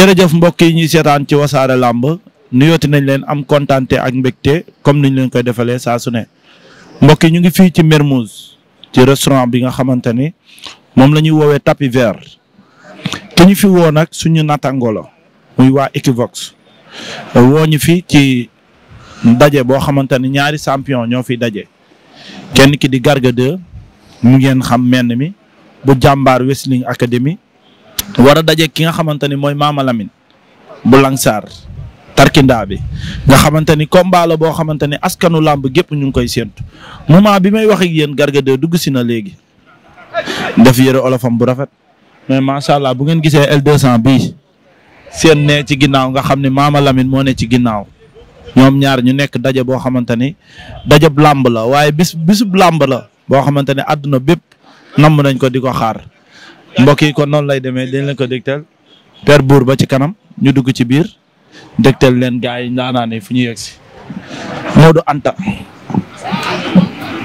jërëjëf mbokk yi ñuy seetaan ci wasaare làmb nuyooti nañ leen am kontaante ak mbégte comme niñ leen koy defalee saa su ne mbokk yi ñu ngi fii ci Mermoz ci restaurant bi nga xamante ni moom la ñuy woowee tapis vert ki fi woo nag suñu nattangoo la muy waa Equivox woo ñu fi ci daje boo xamante ni ñaari champion ñoo fi daje kenn ki di Garga 2 mu ngeen xam menn mi bu jàmbaar Wrestling Academy war a daje ki nga xamante ni mooy Mama Lamine bu Langsar tarkindaa bi nga xamante ni combat boo xamante ni askanu làmb gépp ñu ngi koy séentu moment bi may wax yéen Garga 2 dugg na léegi def bu rafet mais macha allah bu ngeen gisee L200 bii seen ne ci ginnaaw nga xam ne Mama moo ne ci ginnaaw ñoom ñaar ñu nekk daje boo xamante ni bu làmb la waaye bis bisub làmb la boo xamante ni àdduna bépp namm nañ ko di ko xaar mbokk yi kon noonu lay demee dañ leen ko dégtal Père Bour ba ci kanam ñu dugg ci biir dégtal leen gars yi ndaanaane fu ñu yegg si Modou Anta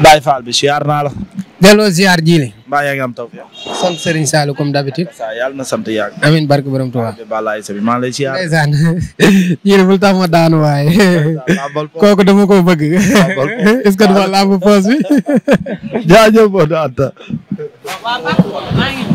Baye Fall bi siyaar naa la. delloo ziar jiile. mbaa yaa ngi am taw. sant Serigne Saliou comme d'habitude. saa yàlla na sant yàgg. amiin barke borom Tuubaa. maa ngi lay bëgg. est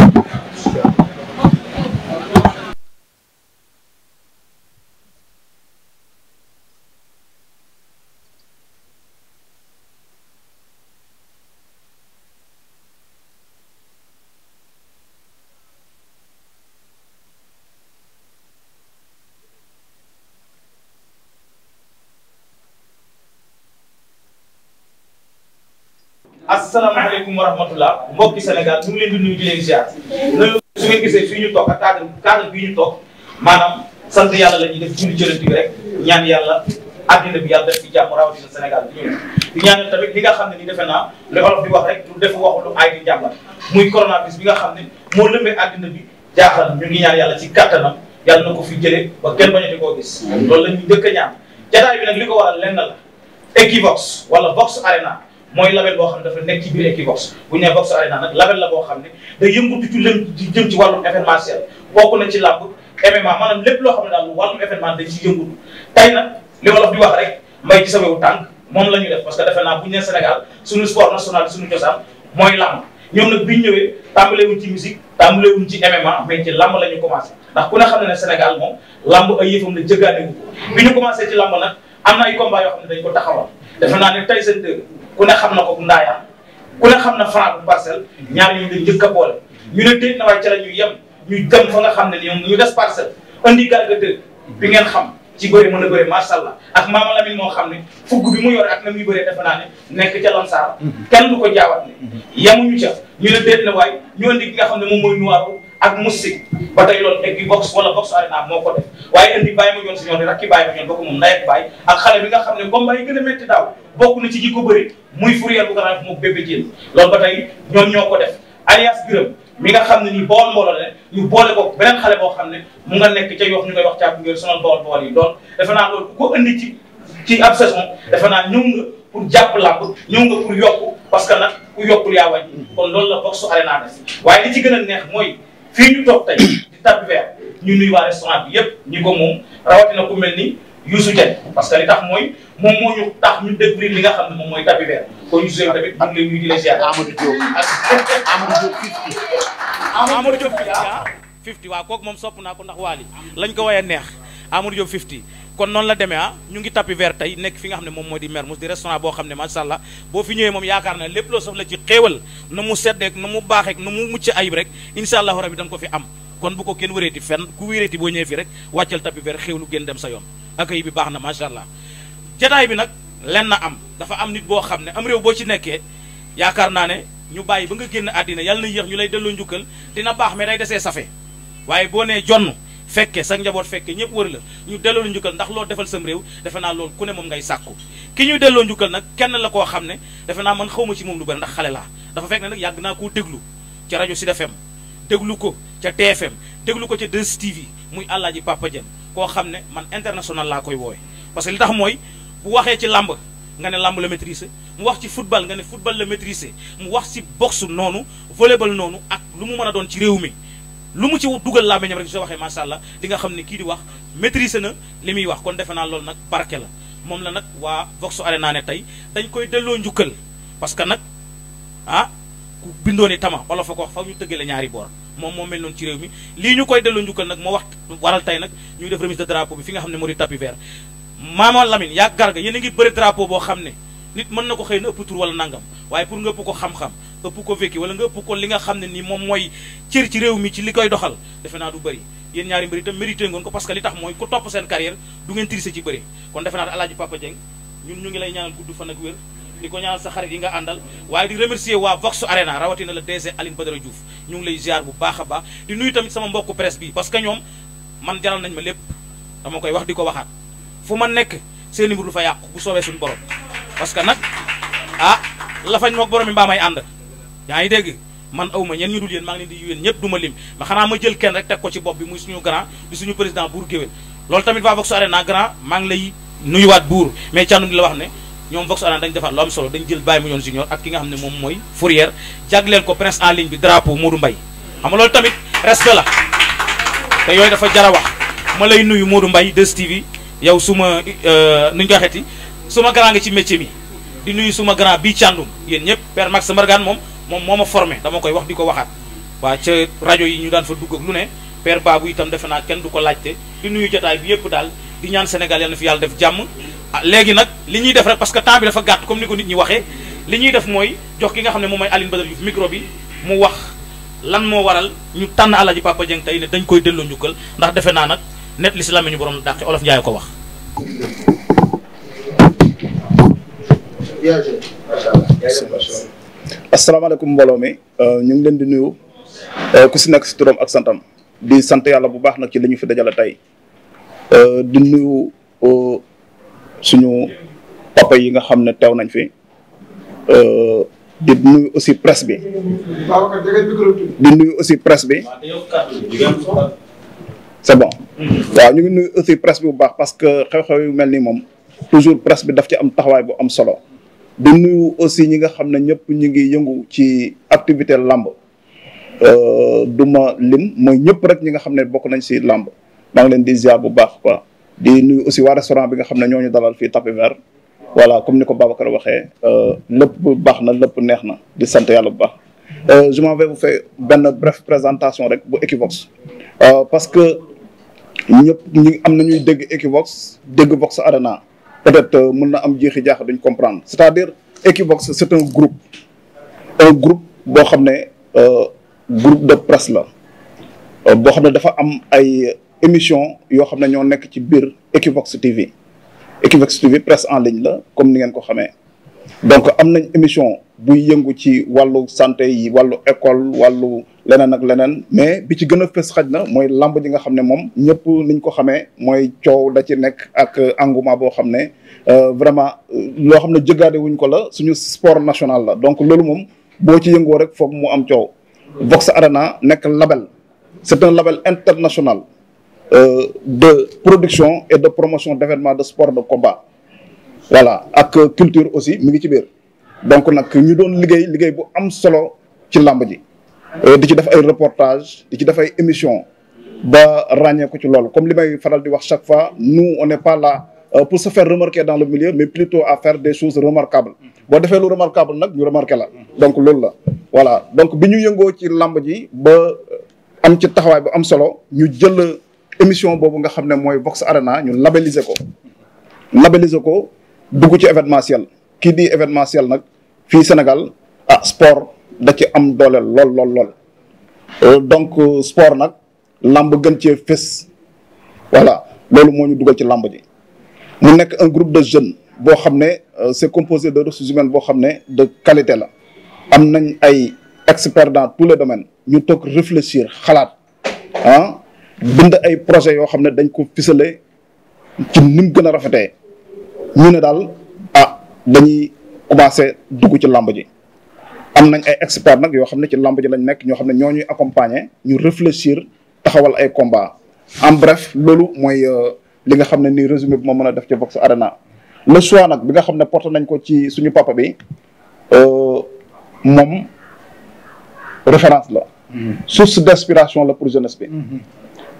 wa rahmatullah mbokki Sénégal ñu ngi leen di nuyu di leen su ngeen gisee fii ñu toog ak cadre cadre bii ñu toog maanaam sant yàlla la ñuy def julli jëlanti bi rek ñaan yàlla addina bi yàlla def ci jàmm rawatina Sénégal bi di ñaanal tamit li nga xam ne ni defe naa li olof di wax rek lu def waxu lu aay di jàmbat muy coronavirus bi nga xam ne moo lëmbee addina bi jaaxal ñu ngi ñaan yàlla si kattanam yàlla na ko fi jëlee ba kenn bañati koo gis loolu la ñuy dëkk ñaan jataay bi nag li ko waral lenn la Equivox wala mooy label boo xam ne dafa nekk ci bu ñu boo xam ne day yëngatu ci lëm ci jëm ci wàllum lépp loo xam ne daal wàllum événement dañ ci yëngatu tey nag wax rek mbay sa wewu moom la ñu def parce que defe naa bu ñu nee Sénégal suñu sport national suñu cosaan mooy làmb ñoom nag bi ñu ñëwee tàmbalee wuñ ci musique tàmbalee wuñ ci MMA mais ci la ñu commencé ndax ku ne xam ne ne Sénégal moom làmb ay yëfam la jëggaane wu ko bi ñu ci làmb nag am na ay combat yoo xam ne dañ ko taxawal defe naa ne Tyson 2 ku ne xam na ko bu ndaayam ku ne xam na Franc bu parcelle ñaar ñu dañ a boole ñu ne déet na waaye ca la ñu yem ñu dem fa nga xam ne ni ñu des parcelle andi Garga 2 bi ngeen xam ci bëri mën a bëri macha moo xam ne fugg bi mu yore ak na muy bëree defe naa nekk ca Lansar mhm. kenn du ko jaawat ne mhm. yemuñu ca ñu ne déet na waaye nga xam ne moom mooy Noiro ak Moustique ba tey loolu egg box wala box arena moo ko def waaye andi bàyyi ma ñoon si ñoon di rakki bàyyi ma ñoon bokk moom nawet bàyyi ak xale bi nga xam ne combat yi gën a métti daaw bokk na ci ñi ko bëri muy Furiel bu moo Yoff moom bébé Diène ba tey ñoom ñoo ko def alias Birame mi nga xam ne nii bool mbooloo la ñu boole ko beneen xale boo xam ne mu nga nekk ca Yoff ñu koy wax caabu ngeen sonal bool bool yi naa loolu ku ko indi ci ci ab saison defe naa ñëw nga pour jàpp ñëw nga pour yokk parce que nag ku yokkul yaa wàññi kon loolu la box su arena def waaye li ci gën a neex mooy fii ñu toog tey di tapis vert ñu nuyu waa restaurant bi yëpp ñi ko moom rawatina ku mel nii Youssou Dieng parce que li tax mooy moom moo ñu tax ñu li nga moom mooy tapis am la ñuy di la ziar Amadou Diop Amadou Diop fifty Amadou Diop fifty ah. waaw sopp naa ko ndax waali lañ ko waye neex Amadou Diop fifty kon noonu la demee ah ñu ngi tapis vert tey nekk fi nga xam ne moom mooy di Mermoz di restaurant boo xam ne macha allah boo fi ñëwee moom yaakaar na lépp loo la ci xéewal na mu seddeek na mu baaxeek na mu mucc ayib rek incha allahu rabi da nga ko fi am kon bu ko kenn wéreeti fenn ku wéreeti boo ñëwee fi rek wàccal tapis vert lu génn dem sa yoon accueil bi baax na macha allah jataay bi nag lenn am dafa am nit boo xam ne am réew boo ci nekkee yaakaar naa ne ñu bàyyi ba nga génn àddina yàlla na yéex ñu lay delloo njukkal dina baax mais day desee safe waaye boo nee jonn fekke sa njaboot fekke ñëpp wër la ñu delloo njukkal ndax loolu defal sam réew defe naa loolu ku ne moom ngay sàkku ki ñuy delloo njukkal nag kenn la koo xam ne defe naa man ma ci moom lu bëri ndax xale laa dafa fekk ne nag yàgg naa koo déglu ca rajo Sud FM déglu ko ca TFM déglu ko ca 2STV muy àllaaji Papa Diène koo xam ne man international laa koy wooy parce que li tax mooy bu waxee ci làmb nga ne làmb la maîtriser mu wax ci football nga ne football la maîtriser mu wax ci boxe noonu volleyball noonu ak lu mu mën a doon ci réew mi lu mu ci dugal làmmiñam rek su waxee macha allah di nga xam ne kii di wax maîtriser na li muy wax kon defe naa loolu nag barke la moom la nag waa Vox naa ne tey dañ koy delloo njukkal parce que nag ah. ku bindoo ni tama olof a ko wax fa ñu tëggee la ñaari boor moom moo mel noonu ci réew mi lii ñu koy delloo njukkal nag moo wax waral tey nag ñuy def a ngi bëri boo xam ne nit mën na ko na ëpp tur wala nangam waaye pour nga ko xam-xam ko vécu wala nga ko li nga xam ne ni moom mooy cër ci réew mi ci li koy doxal defe naa du bëri yéen ñaari mbir itam mérité ngoon ko parce li tax mooy ku topp seen carrière du ngeen tirise ci bëri kon defe naa Alaaji Papa Dieng ñun ñu ngi lay ñaanal gudd fan ak wér di ko ñaanal sa xarit yi nga àndal waaye di remercier waa Vox Arena rawatina le DG Aline Badara Diouf ñu lay ziar bu baax a baax di nuyu tamit sama mbokk presse bi parce que ñoom man jaral nañ ma lépp dama koy wax di ko waxaat foo ma nekk seen mbir du fa yàqu bu soobee suñu borom parce que nag ah la fañ moog borom mi mbaa may ànd yaa ngi dégg man awma ñen ñu dul yéen maa ngi leen di yéen ñëpp du ma lim ma xanaa ma jël kenn rek teg ko ci bopp bi muy suñu grand di suñu président loolu tamit waa Vox Arena grand maa ngi lay nuyuwaat buur mais candu di la wax ne ñoom Vox Arena dañ defaat lu am solo dañ jël Baye mooy junior ak ki nga xam ne moom mooy Fourier jagleel ko prince en ligne bi drapeau Modou Mbaye xam nga loolu tamit respect la te yooyu dafa jar a wax ma lay nuyu Modou mbay des stv yow su ma euh, nu ñu suma waxeeti su nga ci métier mi di nuyu suma grand bii càndum yéen ñëpp père Max Margan moom moom moo ma formé dama koy wax di ko waxaat waa ca rajo yi ñu daan fa dugg ak lu ne père itam defe naa kenn du ko laajte nuyu jotaay bi yëpp daal di ñaan Sénégal yal na fi yàlla def jàmm ah léegi nag li ñuy def rek parce que temps bi dafa gàtt comme ni ko nit ñi waxee li ñuy def mooy jox ki nga xam ne moom mooy Alioune Badara Diouf micro bi mu wax lan moo waral ñu tànn Alaaji Papa Dieng tey dañ koy delloo njukkal ndax defe naa nag net li si làmmiñu borom dàqe olof Njaay ko wax. asalaamaaleykum mbooloo mi euh, ñu ngi leen di nuyu euh, ku si nekk si turam ak santam di sant yàlla bu baax nag ci lañu ñu fi dajale tey euh, di nuyu. suñu papa yi nga xam ne teew nañ fi euh, di nuyu aussi presse bi di nuyu aussi presse bi c'est bon waaw ñu ngi nuyu aussi presse bu baax parce que xew-xew yu mel ni moom toujours presse bi daf ci am taxawaay bu am solo di nuyu aussi ñi nga xam ne ñëpp ñu ngi yëngu ci activité làmb euh, du ma lim mooy ñëpp rek ñi nga xam ne bokk nañ si làmb maa ngi leen di ziar bu baax di nuyu aussi waa restaurant bi nga xam ne ñooñu ñu dalal fii tapis vert voilà comme ni ko baba Babacar waxee euh, lépp baax na lépp neex na di sant yàlla bu baax. Euh, je m'en vais benn bref présentation rek bu Equivox euh, parce que ñëpp ñu am na ñuy dégg Equivox dégg Vox Arena peut-être mën na am jeexi jaax duñ comprendre c'est-à-dire Equivox c'est un groupe un groupe boo xam ne groupe de presse la boo xam ne dafa am ay. émission yoo xam ne ñoo nekk ci biir Equivox TV Equivox TV presque en ligne la comme ni ngeen ko xamee donc am nañ émission buy yëngu ci wàllu santé yi wàllu école wàllu leneen ak leneen mais bi ci gën a fës xaj na mooy lamb ji nga xam ne moom ñëpp niñ ko xamee mooy coow da ci nekk ak engouement boo xam ne euh, vraiment euh, loo xam ne jëgaade ko la suñu sport national la donc loolu moom boo ci yëngoo rek foog mu am coow Vox Arena nekk label c'est un label international Euh, de production et de promotion d'événements de sport de combat voilà ak culture aussi mi ngi ci biir donc nag ñu doon liggéey liggéey bu am solo ci làmb ji euh, di ci def ay reportage di ci def ay émission ba ràññee ko ci loolu comme li may faral di wax chaque fois nu on n'est pas là euh, pour se faire remarquer dans le milieu mais plutôt à faire des choses remarquables boo defee lu remarquable nag ñu remarqué la donc loolu la voilà bi ñu yëngoo ci làmb ji ba am ci taxawaay bi am solo ñu jël émission boobu nga xam ne mooy Vox Arena ñu labelliser ko labelliser ko dugg ci événement événementiel kii di événementiel nag fii Sénégal ah sport da ci am doole lool lool lool euh, donc euh, sport nag làmb gën cee fés voilà loolu moo ñu dugal ci làmb ji mu nekk un groupe de jeunes boo xam ne euh, c'est composé de ressources humaines boo xam ne de qualité la am nañ ay experts dans tous les domaines ñu toog réfléchir xalaat bind ay projet yoo xam ne dañ ko fisale ci ni mu gën a rafetee ñu ne daal ah dañuy commencé dugg ci làmb ji am nañ ay expert nag yoo xam ne ci làmb ji lañ nekk ñoo xam ne ñoo ñuy accompagner ñu réfléchir taxawal ay combat en bref loolu mooy euh, li nga xam ne nii résumé bi ma mën a def ci Vox Arena le choix nag bi nga xam ne porté nañ ko ci suñu papa bi euh, moom référence la mm-hmm. source d'inspiration la pour jeunesse bi mm-hmm.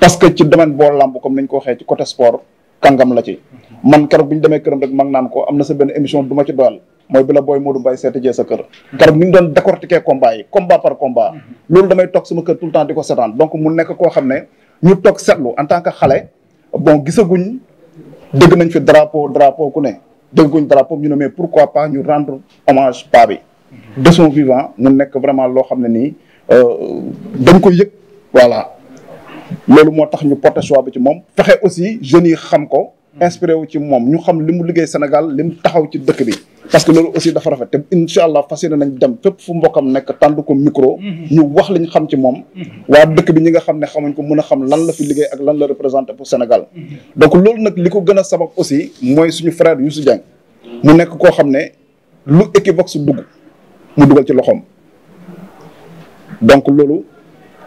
parce que ci domaine bool lamb comme nañ ko waxee ci côté sport kàngam la ci man keroog bi ñu demee këram rek mag naan ko am na sa benn émission du ma ci doyal mooy bi la booy Modou Mbaye seeti jee sa kër keroog ni ñu doon décortiquer combat yi combat par combat loolu damay toog sama kër tout le temps di ko seetaan donc mu nekk koo xam ne ñu toog seetlu en tant que xale bon gisaguñ dégg nañ fi drapeau drapeau ku ne dégguñ drapeau ñu ne mais pourquoi pas ñu rendre hommage pa bi de son vivant mu nekk vraiment loo xam ne nii euh, dañ ko yëg voilà loolu moo tax ñu porté choix bi ci moom fexe aussi jeunes yi xam ko inspiré wu ci moom ñu xam li mu liggéey Sénégal li taxaw ci dëkk bi parce que loolu aussi dafa rafet te incha allah fas yéene nañ dem fépp fu mbokkam nekk tànd ko micro mhm. ñu wax li ñu xam ci moom mhm. waa dëkk bi ñi nga xam ne xamuñ ko mën a xam lan la fi liggéey ak lan la représenté pour Sénégal mhm. donc loolu nag li ko gën a sabab aussi mooy suñu frère Youssou Dieng mu nekk koo xam ne lu Equivox dugg mu dugal ci loxoom donc loolu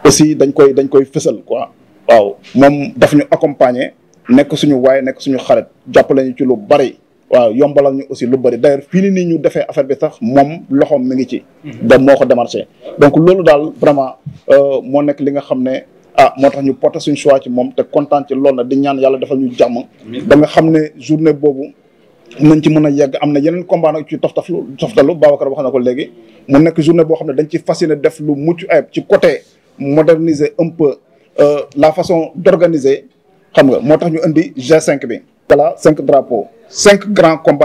aussi dañ koy dañ koy fësal quoi. waaw moom daf ñu accompagner nekk suñu waaye nekk suñu xarit jàppale lañu ci lu bari. waaw yombalal ñu aussi lu bari d'ailleurs fii nii ñu defee affaire bi sax moom loxoom mi ngi ci. Hmm. da moo ko démarché. donc loolu daal vraiment euh, moo nekk li nga xam ne ah moo tax ñu porté suñu choix ci moom te kontaan ci lool nag di ñaan yàlla defal ñu jàmm. ba nga xam ne journée boobu nañ ci mën a yegg am na yeneen combat nag ci toftaflu ba Babacar wax na ko léegi. mu nekk journée boo xam ne dañ ci fas yéene def lu mucc ayib ci côté. moderniser un peu euh, la façon d'organiser xam nga moo tax ñu indi G5 bi. voilà cinq drapeaux cinq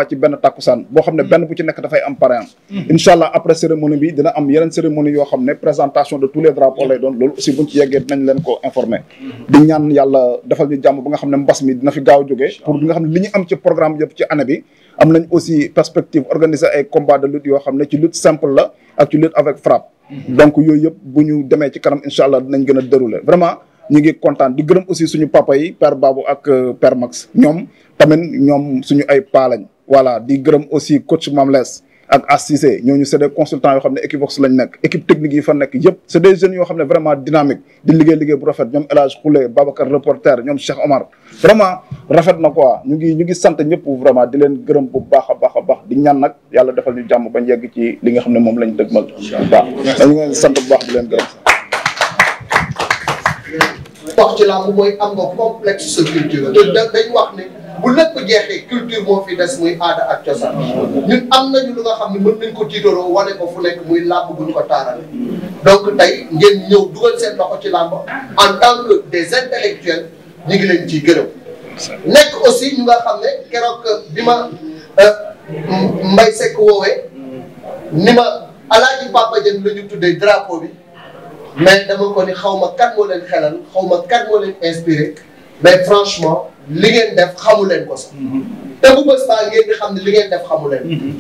ci benn takkusaan boo xam ne benn bu ci nekk dafay am parrain am. Hmm. après cérémonie bi dina am yeneen cérémonie yoo xam ne présentation de tous les drapeaux lay doon loolu aussi buñ ci yeggee dinañ leen ko informer. Hmm. di ñaan yàlla defal ñu jàmm ba nga xam ne mbas mi dina fi gaaw a pour nga xam ne li ñu am ci programme yëpp ci année bi. am nañ aussi perspective organiser yoo xam ne ci lutte donc yooyu yëpp bu ñu demee ci kanam incha allah dinañ gën a dérouler vraiment ñu ngi kontaan di gërëm aussi suñu papa per babu ak euh, père Max ñoom tamit ñoom suñu ay paalañ voilà di gërëm aussi coach Mamles ak Assise ñooñu c'est des consultants yoo xam ne Equivox lañ nekk équipe technique yi fa nekk yëpp c'est des yoo xam ne vraiment dynamique di liggéey liggéey bu rafet ñoom El Hadj Khoule Babacar reporter ñoom Cheikh Omar vraiment rafet na quoi ñu ngi ñu ngi di leen gërëm bu baax a baax a baax di ñaan nag yàlla defal ñu jàmm bañ yegg ci li xam ne moom lañ dëgmal baax dañu leen baax bu lépp jeexee culture moo fi des muy aada ak cosaan ñun am nañu lu nga xam ne mën nañ ko tiitaroo wane ko fu nekk muy làmb bu ñu ko taarale donc tey ngeen ñëw dugal seen loxo ci làmb en tant que des intellectuels ñu ngi leen ciy gërëm nekk aussi ñu nga xam ne keroog bi ma euh, may Seck woowee ni ma alaaji Papa Dieng la ñu tuddee drapeau bi mais dama ko ni xaw ma kan moo leen xelal xaw ma kan moo leen inspiré mais franchement li ngeen def xamu leen ko sax. Mhm. te bu bés baa ngeen di xam ne li ngeen def xamu leen. Mhm.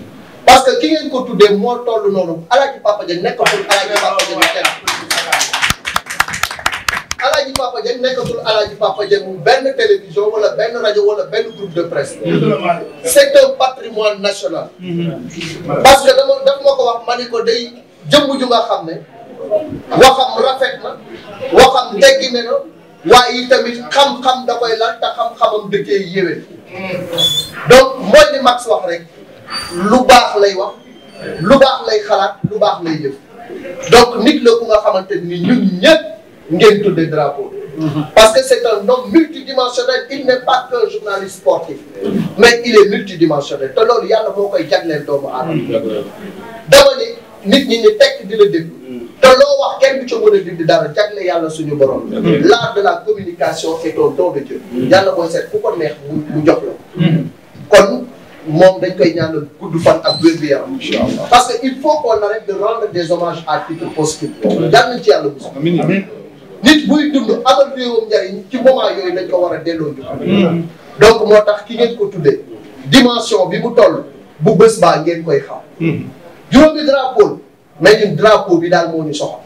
parce que ki ngeen ko tuddee moo toll noonu alaaji Papa Dieng nekkatul alaaji Papa Dieng kenn. alaaji Papa Dieng nekkatul alaaji Papa Dieng benn télévision wala benn rajo wala benn groupe de presse. Mhm. c'est un patrimoine national. parce que dama daf ma ko wax ma ni ko day jëmb ju nga xam ne waxam rafet na waxam teggi na. waaye tamit xam-xam da koy lan te xam-xamam dëkkee yéwén donc mooy li Max wax rek lu baax lay wax lu baax lay xalaat lu baax lay jëf donc nit la ku nga xamante ni ñun ñëpp ngeen tudde drapeau mhm. parce que c'est un homme multidimensionnel il n'est pas qu'un journaliste sportif mais il est multidimensionnel te loolu yàlla moo koy jagleel doomu aadama mhm. dama nit ñi ni tekk di la déglu mhm. te loo wax kenn bi ca mën a dindi dara jagle yàlla suñu borom. l'art de la communication est un don de Dieu. Mm. yàlla mooy seet ku ko neex mu jox mm. kon moom dañ koy ñaanal gudd fan ak wér gu yaram. parce que il faut qu'on arrête de rendre des hommages à titre posthume. yàlla nañ ci yàlla mos. amiin nit buy dund amal réewam njariñ ci moment yooyu dañ ko war a delloo ñu. donc moo tax ki ngeen ko tuddee dimension bi mu toll bu bés baa ngeen koy xam. Mm. juróomi drapeau. mais ñun drapeau bi daal moo ñu soxal.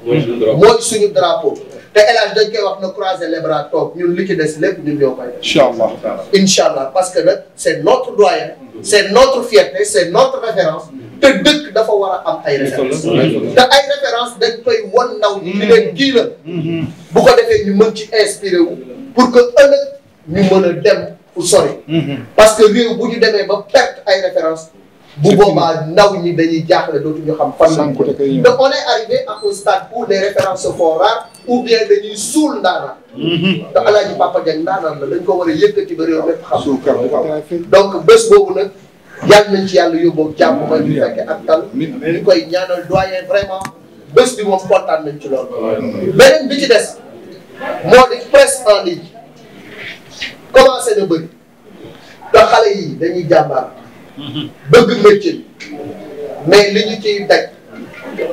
mooy suñu drapeau. te El dañ koy wax na croiser les bras toog ñun li ci des lépp ñun ñoo koy def. parce que nag c' est notre doyen. c' est notre fierté c' est notre référence. te dëkk dafa war am ay références. te ay références dañ koy wan ndaw ñi. di leen kii bu ko defee ñu mën ci inspiré wu. pour que ëllëg ñu mën a dem fu sori. Mhm. parce que réew bu ñu demee ba perte ay références. bu boobaa ndaw ñi dañuy jaaxle ñu xam fan lañ ko donc on est arrivé à un stade où les références se font rares ou bien dañuy suul ndaanaan mhm. te alaaji Papa Diagne ndaanaan la dañ ko war a yëkkati ba réew mépp xam donc bés boobu nag yàlla nañ ci yàlla yóbboo jàmm may ñu fekke ak tal ñu koy ñaanal doyen vraiment bés bi moom kontaan nañ ci loolu beneen bi ci des moo di presse en ligne commencé na bëri te xale yi dañuy jàmbaar bëgg métier mais li ñu ciy daj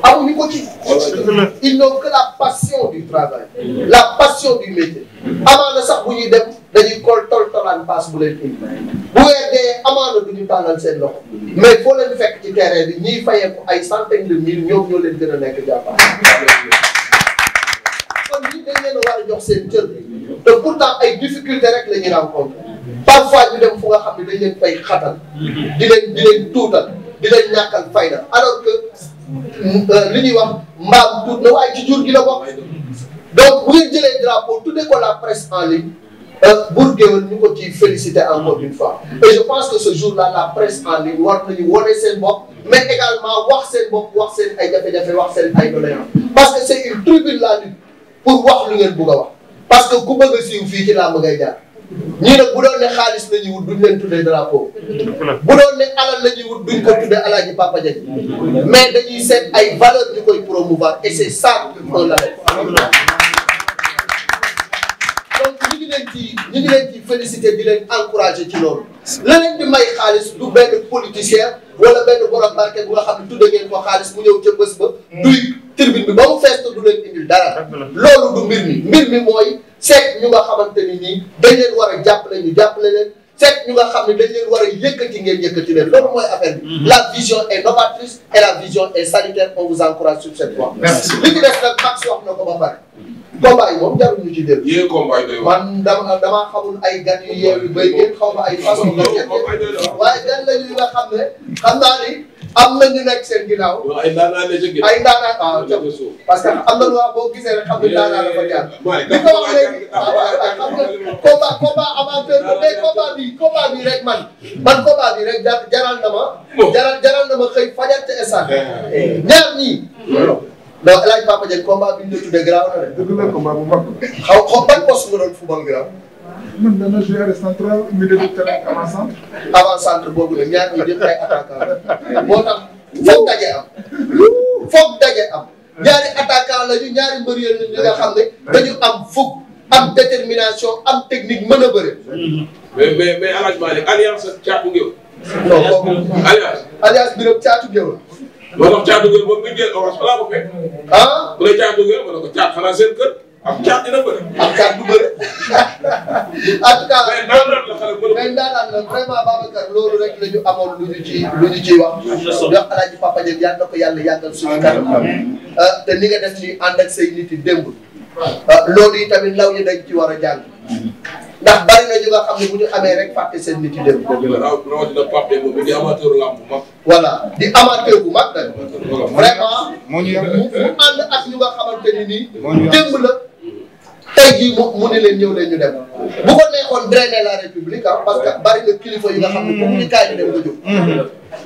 amuñu ko ci. ils n'ont que la passion du travail. la passion du métier. amaana sax bu ñuy dem dañuy kol tol tolaan paas bu leen indi. bu weer dee amaana du ñu tàllal seen loxo. mais foo leen i ci terrain bi ñiy ay centaine de mille ñoom ñoo leen a nekk jàppal. kon ñi dañ leen a war a jox seen cër te pourtant ay difficultés rek la ñuy parfois ñu dem fu nga xam ne dañ leen fay xatal. di leen di leen tuutal di leen ñàkkal fayda alors que euh, li ñuy wax mbaam tuut na waaye ci jur gi la bokk. donc bu ngeen jëlee drapeau tuddee ko la presse en ligne. Euh, Bour Gueweul ñu ko ciy féliciter encore une fois et je pense que ce jour-là la presse en ligne war nañu wone seen bopp mais également wax seen bopp wax seen ay jafe-jafe wax seen ay doléances parce que c'est une tribune la lutte pour wax lu ngeen bëgg a wax parce que ku bëgg a siiw fii ci làmb ngay jaar. ñii ne bu doon ne xaalis la ñuy wut duñ leen tuddee drapeau bu doon ne alal la ñuy wut duñ ko tuddee alaaji Papa Diagne mais dañuy seet ay valeur ñu koy promouvoir et c'est ça qu'on l'a donc ñu ngi leen ci ñu ngi leen ci félicité bi leen encouragé ci loolu la leen di may xaalis du benn politicien wala benn borom barke bu nga xam ne tudde ngeen ko xaalis mu ñëw ca bés ba duy tribune bi ba mu fees du leen indil dara. loolu du mbir mi mbir mi mooy seet ñu nga xamante ni nii dañ leen war a jàppale ñu jàppale leen seet ñu nga xam ne dañ leen war a yëkkati ngeen yëkkati leen loolu mooy affaire bi. Mhm. la vision est novatrice et la vision est sanitaire on vous encourage sur cette voie. merci li ci des nag Max wax na ko ba pare. combat yi moom jarul ñu ci dellu. yéen combat yi man dama damaa xamul ay gan yu yeewu béy ngeen xaw ma ay façon. waaye gan la ñu nga xam ne xam naa am na ñu nekk seen ginnaaw. ay ay ndaanaan waaw ah, parce que am na lu ma boo gisee rek xam ne fa jaar. li ko wax léegi waaw waaw xam bi combat bi rek man man combat bi rek jaral ma. jaral ma xëy fajar ca instant. Eh. ñaar ñii. non El Hadj Papa Diagne bi ñu la tuddee garaaw na de. dëgg la combat bu mag. xaw xaw ban ñun dañoo joué arrêt central milieu de terrain avant centre. avant centre boobu la ñaar ñuy jëm ay attaquant moo tax foog daje am foog daje am ñaari attaquant la ñu ñaari mbër yooyu ñu nga xam ne dañu am fukk am détermination am technique mën a bëre. mais mais mais El Hadj Malick alliance caatu géew. non kooku alliance. alliance bi nag caatu géew la. moo tax caatu géew boobu bu ñu jël orange balaa ko fekk. ah bu dee caatu géew ma ne ko caat xanaa seen kër. am caat dina bëri. am caat du bëri. en tout cas. mais daanaka la xale bëri. mais daanaka la vraiment Babacar loolu rek la ñu amoon lu ñu ci lu ñu ciy wax. am na Alaaji Papa Diop yal na ko yàlla yàggal suñu kanam. Euh, te ni nga def ci ànd ak say nit yi démb. Euh, loolu yi tamit ndaw ñi dañ ci war a jàng. ndax bari na ñu nga xam ne bu ñu amee rek fàtte seen nit yi dem. dëgg la rawatina Pape moom di amateur lamb bu mag. voilà di amateur bu mag nag. vraiment. moo ñu yàgg mu ànd ak ñu nga xamante ni nii. démb la. tey jii mu mu ne leen ñëw leen ñu dem bu ko neexoon la république ah parce que bari na kilifa yi nga xam ne pour ñu kaay ñu dem nga jóg.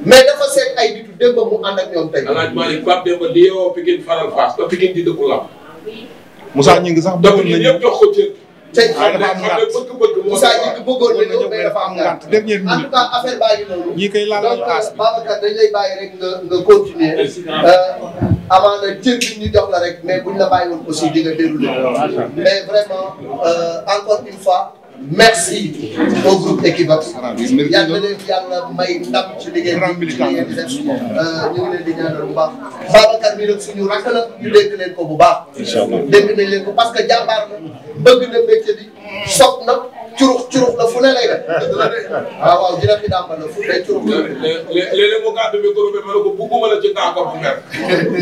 mais dafa seet ay ditu démb mu ànd ak ñoom tey. alaaj Malick Pape Demba di yeewoo Pikine faral Fass ba di dëkku lam Moussa ñi ngi sax bëgg nañu ñëpp jox tey xam nga bëgg-bëgg Moussa ji bëggoon na ñëw mais dafa am ngànt dernière minute en tout cas noonu ñi koy laal donc Babacar dañ nga nga euh, avant na cër bi ñu jox la rek mais buñ la bàyyi woon aussi di nga déroulé mais vraiment euh, encore une fois merci au groupe Equivox. yàlla na leen yàlla may ndam ci liggéey bi euh, ñu ngi leen di ñaanal bu baax. Babacar bi nag suñu rakk la ñu dénk leen ko bu baax. incha allah dénk nañ leen ko parce que jàmbaar na bëgg na métier bi sopp na. curux curux la fu ne lay def. waaw waaw jërëjëf bi daan la fu ne curux la. léeg-léeg mu gàddu micro bi ma ne ko bugguma la ci ngaa ko bu mer.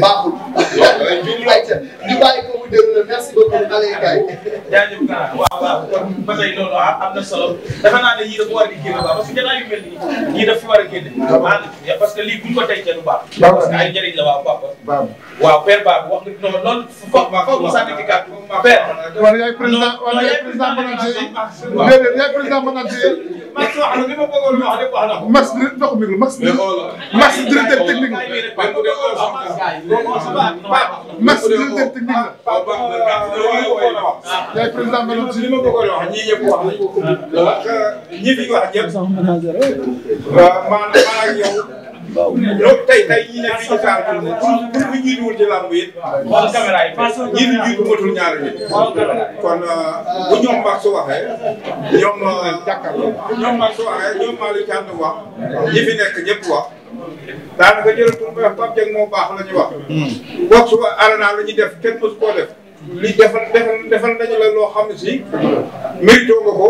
baaxul. ayca ñu bàyyi ko mu déroulé merci beaucoup Alé Gaye. jaajëf Kara waaw waaw kon ba tey loolu am na solo defe naa ne yii dafa war a génn baax parce que jotaay yu mel nii yii daf fi war a génn. waaw parce que lii buñ ko tey ca du baax. parce que ay njëriñ la waaw papa. waaw père Ba wax nga non loolu foofu foofu mu sànni ci kàddu. père. wala yaay président wala yaay président déedéet yaay président mën max wax na li ma bëggoon wax lépp wax max dina dox mi max. max directeur technique la. max directeur technique la. yaay président mën ma bëggoon wax ñii ñëpp wax nañ ko. Ah. Euh, ñi fi wax ñëpp. waaw eh. euh, maanaam maanaam yow. waaw donc tey tey ñi ne fii ci saal bi moom pour ñu jiituwul ci làmb yi. waaw caméra yi ñi ñu euh, ñoom Mbacke su waxee. Euh, wax. ñi fi nekk ñëpp wax. daanaka jërëjëf mu wax Pape Dieng moo baax la ñu wax. wax hmm. suba arena la ñuy def kenn mësu koo def. li defal defal defal nañu la loo xam ne si. mérito nga ko.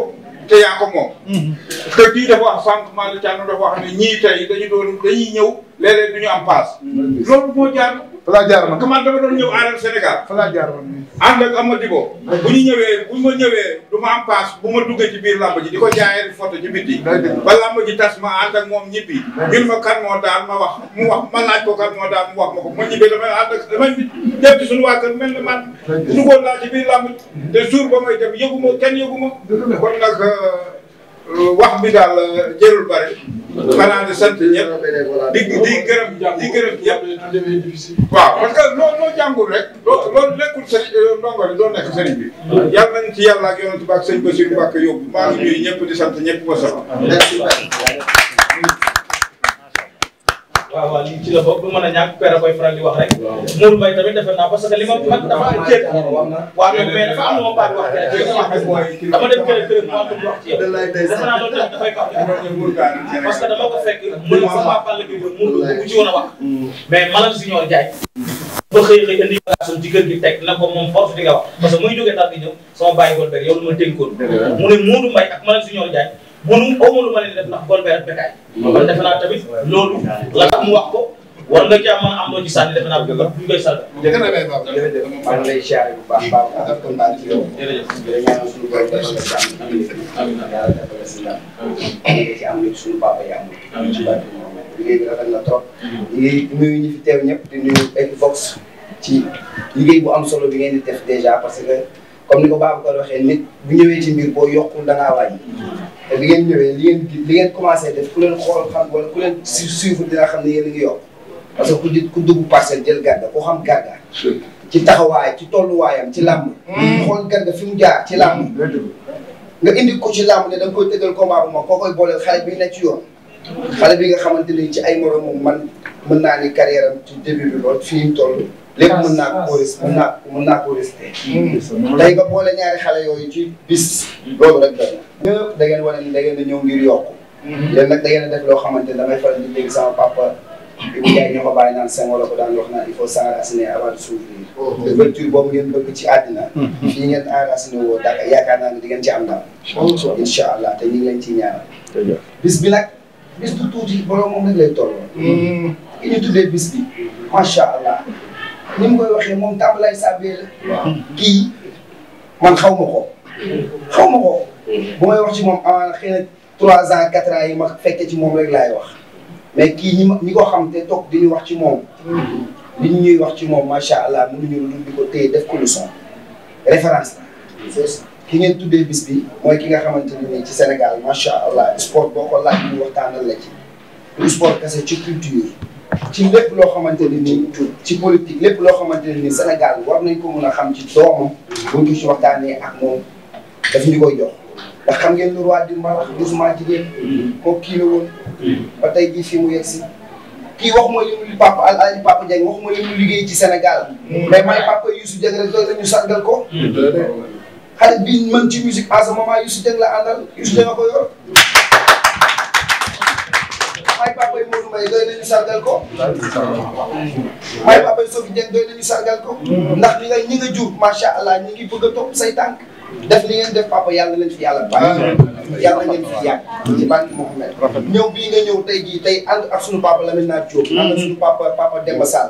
te yaa ko moom. Mm-hmm. te kii dafa wax sànq Malick Thiam dafa wax ne ñii tey dañu doon dañuy ñëw léeg-léeg du ñu am paas. Mm-hmm. loolu moo jaar. fa laa jaar doon ñëw aaral Sénégal fa laa jaar man ñëwee bu ñëwee du ma paas bu ma duggee ci biir làmb ji di ko jaayee ba làmb tas ma ànd moom ñibbi ñun ma kan moo daan ma wax ma laaj ko kan moo daan mu wax ma ko ma ñibbee damay ànd ak damay dem ci suñu waa kër mel na man duggoon laa ci biir làmb te jour ba may dem yëgu ma kenn yëgu ma Euh, wax bi daal euh, jërul bari. xanaa di sant ñëpp di di gërëm di gërëm ñëpp. waaw parce que loo loo jàngul rek. loo loolu nekkul sëriñ euh, ndongo li doo nekk sëriñ bi. yàlla nañ ci yàlla ak yonent ba ak sëñ Basiru Mbàkke yóbbu maa ngi nuyu ñëpp di sant ñëpp ba sonn. waaw waaw lii ci la bokk du mën a ñàkk père koy faral di wax rek. Modou Mbaye tamit defe naa parce que li ma man dafa am jéeg. waaw mais dafa am lu ma baat wax rek. dama dem kër kër mu am wax ci yow. defe naa loolu dafay kaw parce que dama ko fekk mu ne sama bàll bi mu mu ci woon a wax. Mm. mais Malang Signor Ndiaye. ba xëy xëy indi bagaasam ci kër gi teg na ko moom force di nga wax. parce que muy jógee tar bi ñëw sama bàyyi ko yow lu ma dénkoon. mu ne Modou Mbaye ak Malang Signor Ndiaye bunu aw ma lu ma leen def ndax Golbert Bécaye. kon defe naa tamit loolu. la tax mu wax ko war nga caa mën a am loo ci sànni defe naa bu ñu koy sànni. jërëjëf jërëjëf maa ngi lay ziar bu baax baax baax kontaan ci yow. jërëjëf jërëjëf ñaanal suñu borom defal la si am. amiin yàlla defal la si am. ci am suñu papa yi amul. ci barke moom liggéey bi rafet na trop. liggéey nuyu ñu fi teew ñëpp di nuyu Equivox ci liggéey bu am solo bi ngeen di def déjà parce que. comme ni ko Babacar waxee nit bu ñëwee ci mbir boo yokkul da ngaa wàññi te ñëwee li ngeen li ngeen commencé def ku leen xool xam wala ku leen suivre dina xam ne yéen a ngi yokk parce que ku di ku dugg parcelle jël Garga ku xam Garga ci taxawaay ci tolluwaayam ci làmb hmm. xool Garga fi mu jaar ci làmb hmm. nga indi ko ci làmb ne da nga koy tëggal combat bu mag koo booleel xale bi nekk ci yoon xale bi nga xamante ni ci ay moom man mën naa ni carrière ci début bi lool fi mu lépp mën naa ko kóoris mën naa mën naa kóoris tey. Hmm. tey nga boole ñaari xale yooyu ci bis. loolu rek doy na. ñëpp da ngeen wane ni da ngeen a ñëw ngir yokk. Hmm. léegi nag da ngeen a def loo xamante ne damay faral di dégg sama papa. di ko jaay ñoo ko bàyyi naan seng wala ko daan wax naan il faut s'enraciner avant de s'ouvrir. ouverture oh. boobu ngeen bëgg ci àddina. Hmm. fii ngeen enraciné woo daaka yaakaar naa ne di ngeen ci am daal. incha allah te ñu ngi leen ciy ñaanal. bis bi nag bis bu tuuti borom moom rek lay toll. ki ñu tuddee bis bi macha allah ni mu koy waxee moom tàmbalaay lay la. waaw kii man xaw ma ko. xaw ma ko. bu may wax ci moom amaana xëy trois ans quatre ans yi ma fekkee ci moom rek laay wax. mais kii ñi ma ñi ko xam te toog di ñu wax ci moom. li ñu ñuy wax ci moom macha allah mënuñu lu di ko téye def ko leçon référence la. ki ngeen tuddee bis bi mooy ki nga xamante ne ci Sénégal macha allah sport boo ko laaj ñu waxtaanal la ci. du sport kese ci culture. ci lépp loo xamante ne nii ci politique lépp loo xamante ne nii Sénégal war nañ koo mën a xam ci doomam buñ ko ci waxtaanee ak moom daf ñu koy jox ndax xam ngeen lu roi du Marax doucement jigéen kooku kii la woon ba tey jii fii mu yegg si wax waxuma li mu papa Alaji Papa Diagne waxuma li mu liggéey ci Sénégal mais may papa Youssou Dieng rek ko mm. xale bi mën ci musique à ce moment Youssou Dieng la àndal Youssou Dieng a ko yor Mbaye doy nañu sargal ko. may Papa Sofi Dieng doy nañu sargal ko. ndax li nga ñi jur macha allah ñi ngi bëgg a topp say tànk. def li ngeen def papa yàlla leen fi yàlla bàyyi. yàlla ngeen fi yàgg. ci barke Mouhamed. ñëw bii nga ñëw tey jii tey ànd ak sunu papa Lamine Naar Diop. ànd ak sunu papa papa Demba Sall.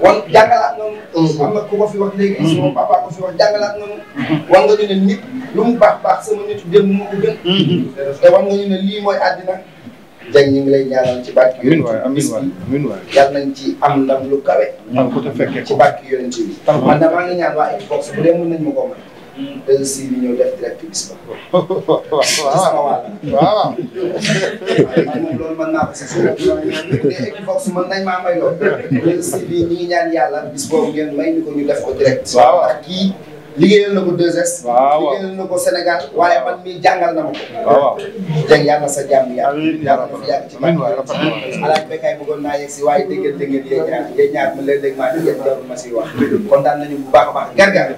wan jàngalaat noonu. Mm-hmm. am na ku ko fi wax léegi. Mm-hmm. sunu papa ko fi wax jàngalaat noonu. wan nga ñu ne nit lu mu baax baax sama nitu dem moo ko gën. Mm-hmm. te Dieng ñu ngi lay ñaanal ci barke yonent bi amiin waay amiin waay yàlla nañ ci am ndam lu kawe. am ko te fekkee ci barke yonent bi. man damaa ngi ñaan waa Equivox bu dee mën nañ ma ko may. dëgg si bi ñëw def direct bis ba. waaw waaw loolu mën naa ko si suuf Equivox mën nañ maa may lool. dëgg si bi ñi ngi ñaan yàlla bis boobu ngeen may ni ko ñu def ko direct. waaw kii. liggéeyal na ko 2S. na ko Sénégal waaye man mii jàngal na ma ko. waaw waaw dégg yàlla sa jàmm yàlla. amiin na fi yàgg ci bàq. alaaj bekkaay bëggoon naa yegg si waaye déggante ngeen yéen ñaar ma si wax. kontaan nañu bu baax a baax gargaar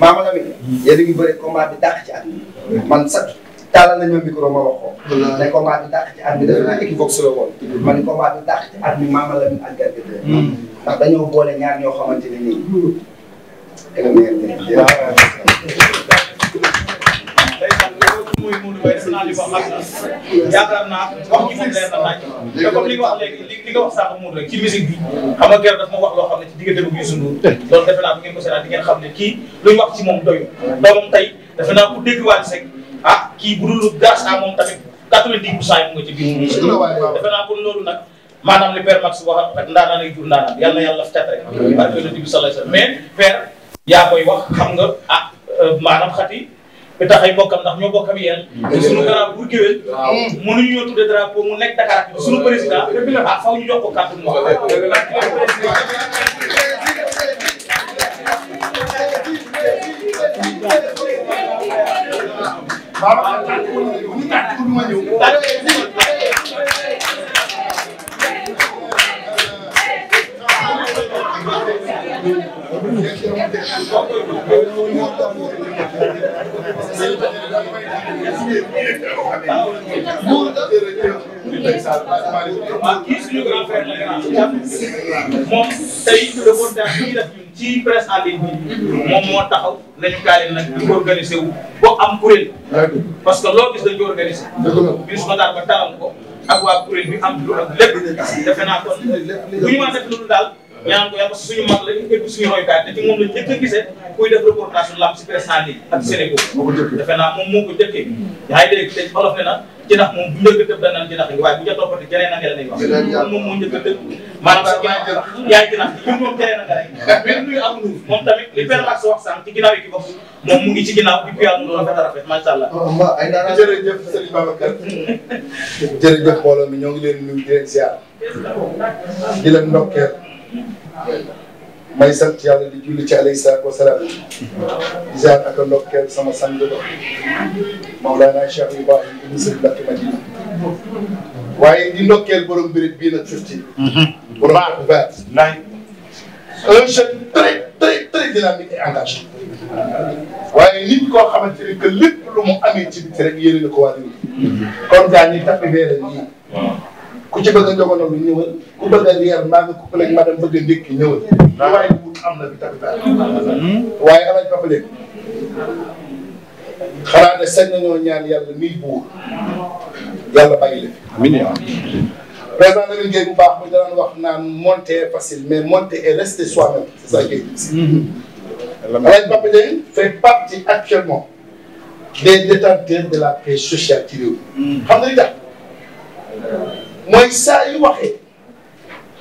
maama Lamine. yéen a ngi bëri combat ci at man sa taalal nañu ma micro ma wax ko. man combat bi dàq ci at mi maama Lamine ak gargaar. Hmm. ndax dañoo boole ñaar ñoo xamante ne nii yaakaar naa wax ji moom leer na laaj te comme li nga wax léegi li nga wax sànq muur rek ci musique bi xam nga gerte daf ma wax loo xam ne ci diggante bu Youssou Ndour loolu defe naa bu ngeen ko seetaan di ngeen xam ne kii lu ñu wax ci moom doyul doomam tey defe naa ku dégg Wally Seck ah kii bu dul grâce à moom tamit quatre-vingt-dix pour cent yi mu nga ci biir defe naa kon loolu nag maanaam li père Max wax ak ndaanaan ay jur ndaanaan yàlla yàlla fi cat rek barke yonent bi sallallahu alayhi wasallam mais père yaa koy wax xam nga ah euh, xati bi tax bokkam ndax ñoo bokkam yéen. te suñu grand buur géwél. waaw hmm. mënuñu ñoo tudde drapeau mu nekk Dakar ak suñu président. ah faw ñu jox ko kàddu mu wax. waaw. waaw kii suñu grand frère la grand moom tey reportage bi ñu def ñun ci presse en ligne bi moom moo taxaw nañu kaay leen nag di organiser wu ba am kuréel parce que loo gis dañu ko organiser bi su ma daal ba taram ko ak waa kuréel bi am lu ak lépp defe naa kon bu ñu mën a def loolu daal ñaan ko yàlla suñu mag la ñu képp suñu royukaay te ci moom la njëkk a gisee kuy def reportage su lamb si président yi ak Sénégal defe naa moom moo ko jëkkee yaa ngi dégg te olof ne na jinax moom bu njëkk a tëb danañ jinax yi waaye bu njëkk a toppati jeneen na nga lay wax moom moo njëkk a tëb maanaam yaay jinax yi ñun moom jeneen na nga lay même nuyu am nuur moom tamit li père Max wax sànq ci ginnaaw yi ki bopp moom mu ngi ci ginnaaw bi piyaanu loolu rafet a rafet macha allah oh, jërëjëf Serigne Babacar jërëjëf mbooloo mi ñoo ngi leen nuyu di leen ziar di leen ndokkeel may sant yàlla di julli ci alayhi salaatu wa salaam di ziar ak ndokkeel sama sang ba Mawlana Cheikh Ibrahim ibn Sëriñ Mbacké Madina waaye di ndokkeel borom béréb bii nag fifty mhm. borom baax naay un jeune très très très dynamique et engagé waaye nit koo xamante ni que lépp lu mu amee ci biti rek yéene na ko waa mhm. kon gaa ñi tappi bee rek nii ku ci bëgg a jogonal bi ñëwal ku bëgg a leer maa ngi couple ak madame bëgg a dékki ñëwal. waaye na bi tamit daal. buur yàlla bàyyi leen. amiin président Lamine Gueye bu baax bu daan wax naan monter est facile mais monter et rester soi-même c'est ça Gueye. alaaj papa la paix ci mooy saa yu waxee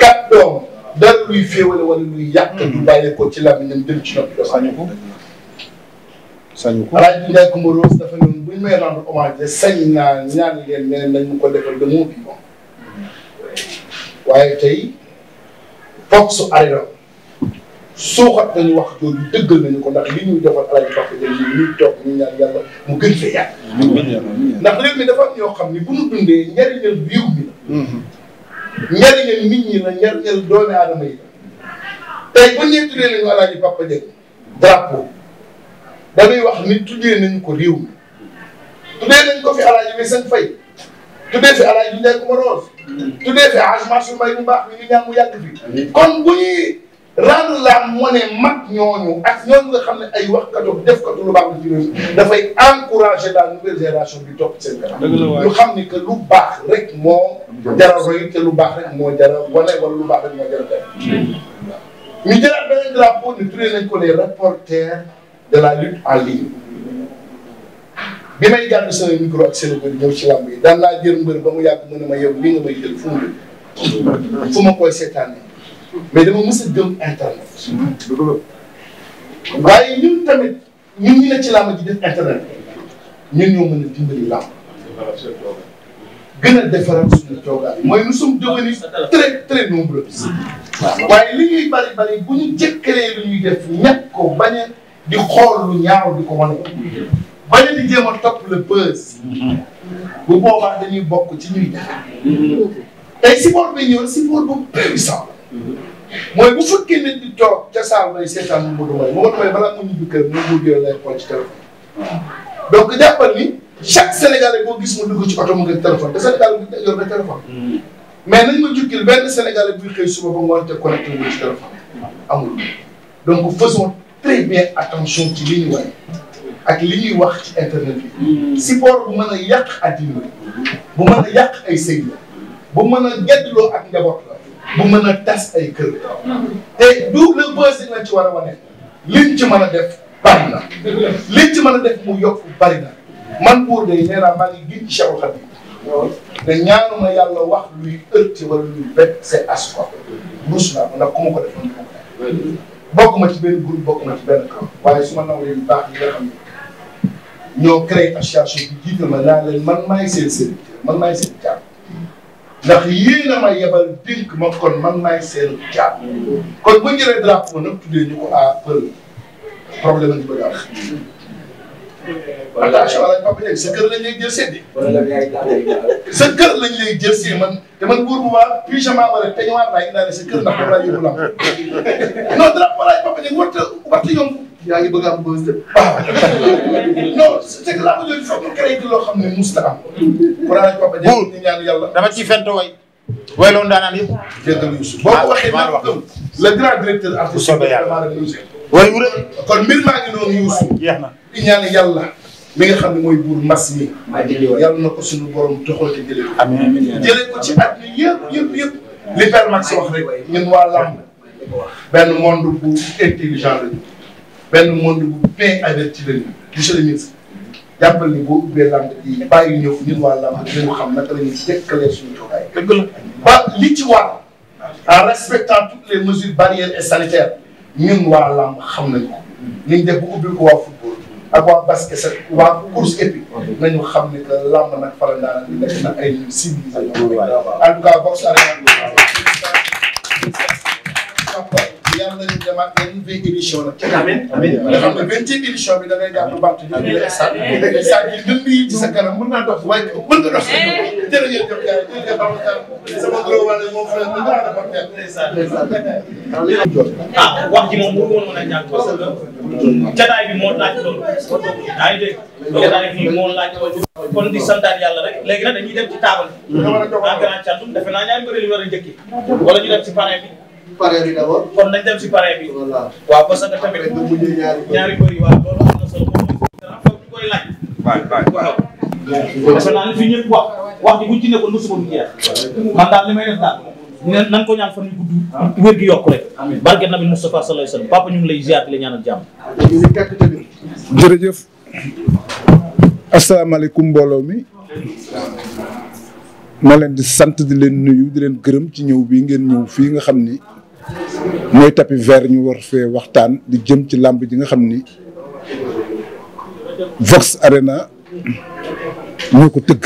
kat doom dara luy féewale wala luy yàq. du la ko ci làmmiñam dem ci noppi doo sañu ko. sañu ko rajo Ndiaye Coumba dafa ne bu ñu sañ naa ñaan leen ne nañ mu ko defal de moo vivant waaye tey foog su aréram suuxat nañu wax jooju dëggal nañu ko nag li ñuy defal alal ji baax na mu gën fee yàgg. ndax réew mi dafa am ñoo xam ne bu ñu dundee njariñal mi. Mm-hmm. njariñal nit ñi la njariñal doomi aadama yi tey bu ñuy tuddee a alaaji Papa Dieng drapeau dañuy wax ni tuddee nañ ko réew mi tuddee ko fi alaaji bi seen fay tuddee fi alaaji bi Ndiaye Kumaro tuddee fi Hadj Mansour Mbaye bu baax mi ñu fi kon bu rendre la monnaie mag ñooñu ak ñooñu nga xam ne ay waxkatu defkatu lu baax la ci réew dafay encourager la nouvelle bi topp seen kanam. xam ni que lu baax rek moo. jaral roy te lu baax rek moo jaral wane lu baax rek moo jaral hmm. ñu jëlaat beneen drapeau ñu tuddee nañ ko les reporters de la lutte en ligne bi may gàddu sama micro ak seen bëri ñëw ci làmb yi daan ba mu yàgg mu ne yow li nga may jël mais dama mës a gëm internet. waaye ñun tamit ñun ñu ne ci làmb ji def internet ñun ñoo mën a dimbali làmb. gën a defaral suñu toogaay mooy nous sommes devenus très très nombreux. waaye li ñuy bari bari bu ñu jëkkalee lu ñuy def ñàkk ko bañ a di xool lu ñaaw di ko wane. bañ a di jéem a topp le buzz. bu boobaa dañuy bokk ci ñuy def. Mm-hmm. tey support bi ñëw support bu puissant. mooy bu fukki nit di toog ca saal may seetaan mu Modou Mbaye Modou Mbaye balaa mu ñibbi kër mu Modou Mbaye lay xool ci téléphone. donc jàppal ni chaque Sénégalais boo gis mu dugg ci oto mu ngi téléphone te Sénégal bi yor na téléphone. Mm-hmm. mais nañ ma jukkil benn Sénégalais buy xëy suba ba ngoon te connecté wu ci téléphone. amul donc faisons très bien attention ci li ñu wax ak li ñuy wax ci internet bi. Mm-hmm. support bu mën a yàq addina bu mën a yàq ay sëy la bu mën a geddloo ak njaboot la. bu mën a tas ay kër. et du le buzz lañ ci war a wane liñ ci mën a def bari na. liñ ci mën a def mu yokk bari na man buur de nee naa maa ngi gis ci Cheikhul Khadim ne ñaanuma yàlla wax luy ci wala luy bett c'est askan. ruus naa ko ndax ku ma ko bokk ma ci benn groupe bokk ma ci benn camp waaye su ma nawlee yu baax yi nga xam ne ñoo créé association bi jiital ma naa leen man maay seen man maay seen jàpp. ndax yéen a ma yebal dénk ma kon man maay seen jaam kon bu ñu jëlee drapeau nag tuddee ñu ko à pël problème la ñu bëgg a am. attention wala papa Ndiaye sa kër lañ lay jël sa kër lañ lay jël see man te man buur bu baax pyjama wala peignoir laay indaale sa kër ndax moom laa yóbbu la am non drapeau laay papa Ndiaye warut a warut a yaa ngi bëgg a am bës de. non c'est que la majorité foog nga créé loo xam ne musta am. papa ñu ñaan yàlla. dama ciy fent way. way loolu daanaan yëpp. jëndalu Youssou ah, boo ko waxee nag le grand directeur artistique way wu rëy kon mbir maa ngi noonu Youssou. jeex na di ñaan yàlla. mi nga xam ne mooy buur mbas mi. yàlla na ko suñu borom toxal te jëlee ko. amiin jëlee ko ci at mi yëpp yëpp yëpp. li Père Max wax rek ñun waa Lamb benn monde bu intelligent lañu. benn monde bu bien averti la ñu monsieur le ministre jàppal ni boo ubbee làmb ji bàyyi ñëw ñun waa làmb dinañu xam naka la ñuy jëkkalee suñu jotaay. dëgg la ba li ci war en respectant toutes les mesures barrières et sanitaires ñun waa làmb xam na ko. ñu def bu ubbi ko waa football a waa basket set waa course épique nañu xam ni que làmb nag faral naa ne nekk na ay ñun civilisé. en tout cas boxe arena yàlla na leen demaat ngeen vingt émission la. amiin amiin nga xam ne vingtième émission bi da ngay jàpp bant yi. amiin amiin da ngay sànni dënd yi ci sa kanam mën naa dox waaye mën nga dox. jërëjëf jërëjëf gars yi jërëjëf Amathane sama goro wala moom frère bi nga xam ne ah wax ji moom waroon na ñàkk parce que jataay bi moo laaj loolu. yaa ngi dégg jataay bi moo laaj loolu. kon di santaat yàlla rek léegi nag dañuy dem ci taabal bi. ah grand Thiandoum defe naa ñaari mbir yu war a njëkk wala ñu dem ci parrain bi parrain bi d'abord. kon nañ dem si na solo moom dana foog ñu koy ñaan fan yu mi. ma leen di sant di leen nuyu di leen gërëm ci ñëw bii ngeen ñëw fii nga xam ni mooy tapis vert ñu war fee waxtaan di jëm ci làmb ji nga xam ni Vox Arena ñoo ko tëgg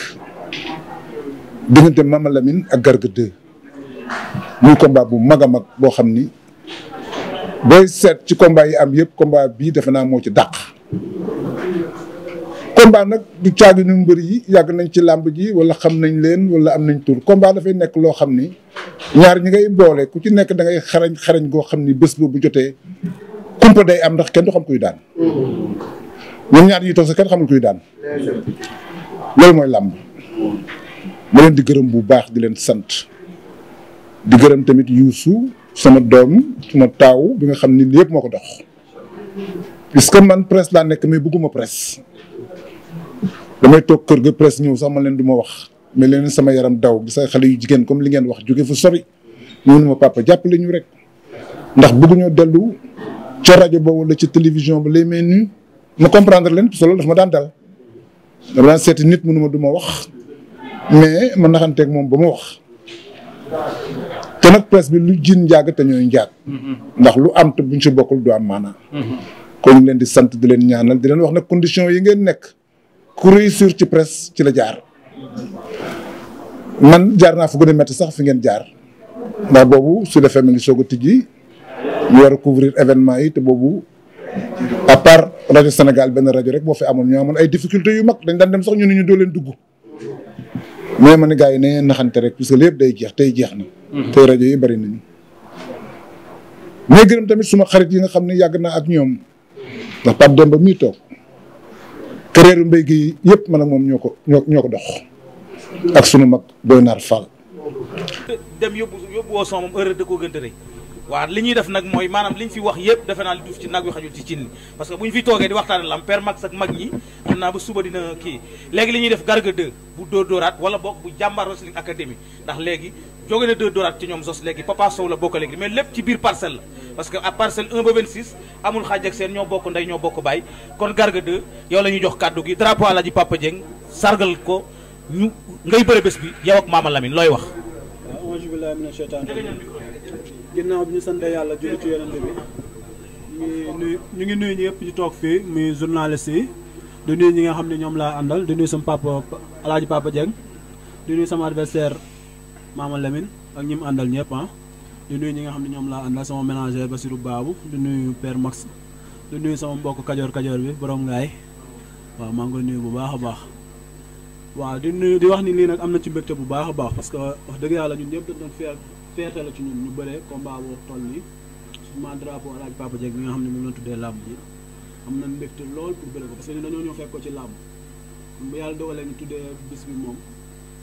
diggante Mama Lamine ak Garga 2 muy komba bu mag a mag boo xam ni booy seet ci combat yi am yëpp combat bii defe naa moo ci dàq combat nag du caagi ñu mbër yi yàgg nañ ci làmb ji wala xam nañ leen wala am nañ tur combat dafay nekk loo xam ni ñaar ñi ngay boole ku ci nekk da ngay xarañ xarañ goo xam ni bés ba bu jotee kumpa day am ndax kenn du xam kuy daan. ñoom ñaar ñuy toog sax kenn xamul loolu mooy làmb. ma leen di gërëm bu baax di leen sant di gërëm tamit Youssou sama doom sama taaw bi nga xam ni lépp moo ko dox. puisque man presse laa nekk mais bëgguma presse. damay toog kër ga presse ñëw sax ma leen du ma wax mais leneen sama yaram daw gis xale yu jigéen comme li ngeen wax jóge fu sori ñu ma papa jàppale ñu rek ndax bëgguñoo dellu ca rajo ba wala ci télévision ba lay mel ni ma comprendre leen parce que loolu daf ma daan dal dama daan seeti nit mënu ma du ma wax mais ma naxanteeg moom ba ma wax te nag presse bi lu jiin njaag te ñooy njaag ndax lu am te buñ si bokkul du am maanaa kon ñu leen di sant di leen ñaanal di leen wax nag condition yi ngeen nekk ku réussir ci presse ci la jaar man jaar naa fu gën sax fi ngeen jaar ndax boobu su defee mu ngi soog a tijji ñu war a couvrir événement yi te boobu à part rajo Sénégal benn rajo rek boo fi amoon ñoo amoon ay difficultés yu mag dañ daan dem sax ñu ne ñu doo leen dugg mais man gars yi ne naxante rek parce que lépp day jeex tey jeex na. Mhm. tey rajo yi bëri nañu. mais gërëm tamit suma xarit yi nga xam ne yàgg naa ak ñoom ndax Pape Demba mii toog. carrière mbéy gi yëpp man ak moom ñoo ko ñoo ko dox ak sunu mag doy naar Fall. dem yóbbu yóbbu woo son a erreur da koo gën a waaw li ñuy def nag mooy maanaam li ñu fi wax yëpp defe naa li duuf ci nag wi xajul ci cin li parce que bu ñu fi toogee di waxtaane lam père max ak mag ñi xam naa ba suba dina kii léegi li ñuy def garga 2 bu dóor dóoraat wala bokk bu jàmbaar wrestling académie ndax léegi jóge na dóor dóoraat ci ñoom sos léegi papa sow la bokk léegi mais lépp ci biir parcelle la parce que à parcelle 1 ba 26 amul xaaj ak seen ñoo bokk ndey ñoo bokk baay kon garga yow la ñuy jox kàddu gi drapeau Alaaji Papa Dieng sargal ko ñu ngay bés bi yow ak Maama Lamine looy wax ginnaaw bi ñu sant yàlla julli ci ñu ngi nuyu ñu ngi nuyu ñëpp ñu toog fii muy journaliste yi di nuyu ñi nga xam ne ñoom laa àndal di nuy sama papa alaaji papa Dieng di nuyu sama adversaire Mama Lamine ak ñi mu àndal ñëpp ah di nuy ñi nga xam ne ñoom laa àndal sama si Basirou baabu di nuyu père Max di nuyu sama mbokk kajoor kajoor bi borom ngaay waaw maa ngi nuyu bu baax a baax waaw di nuyu di wax ni lii nag am na ci mbégte bu baax a baax parce que wax dëgg yàlla ñun ñëpp dañ feete la ci ñun ñu bëree combat boo toll nii suma drapeau alaaj papa Dieng bi nga xam ne moom la tuddee làmb ji am na mbégte lool pour bëre ko parce que dañoo ñëw fekk ko ci làmb bu yàlla dogalee ñu tuddee bis bi moom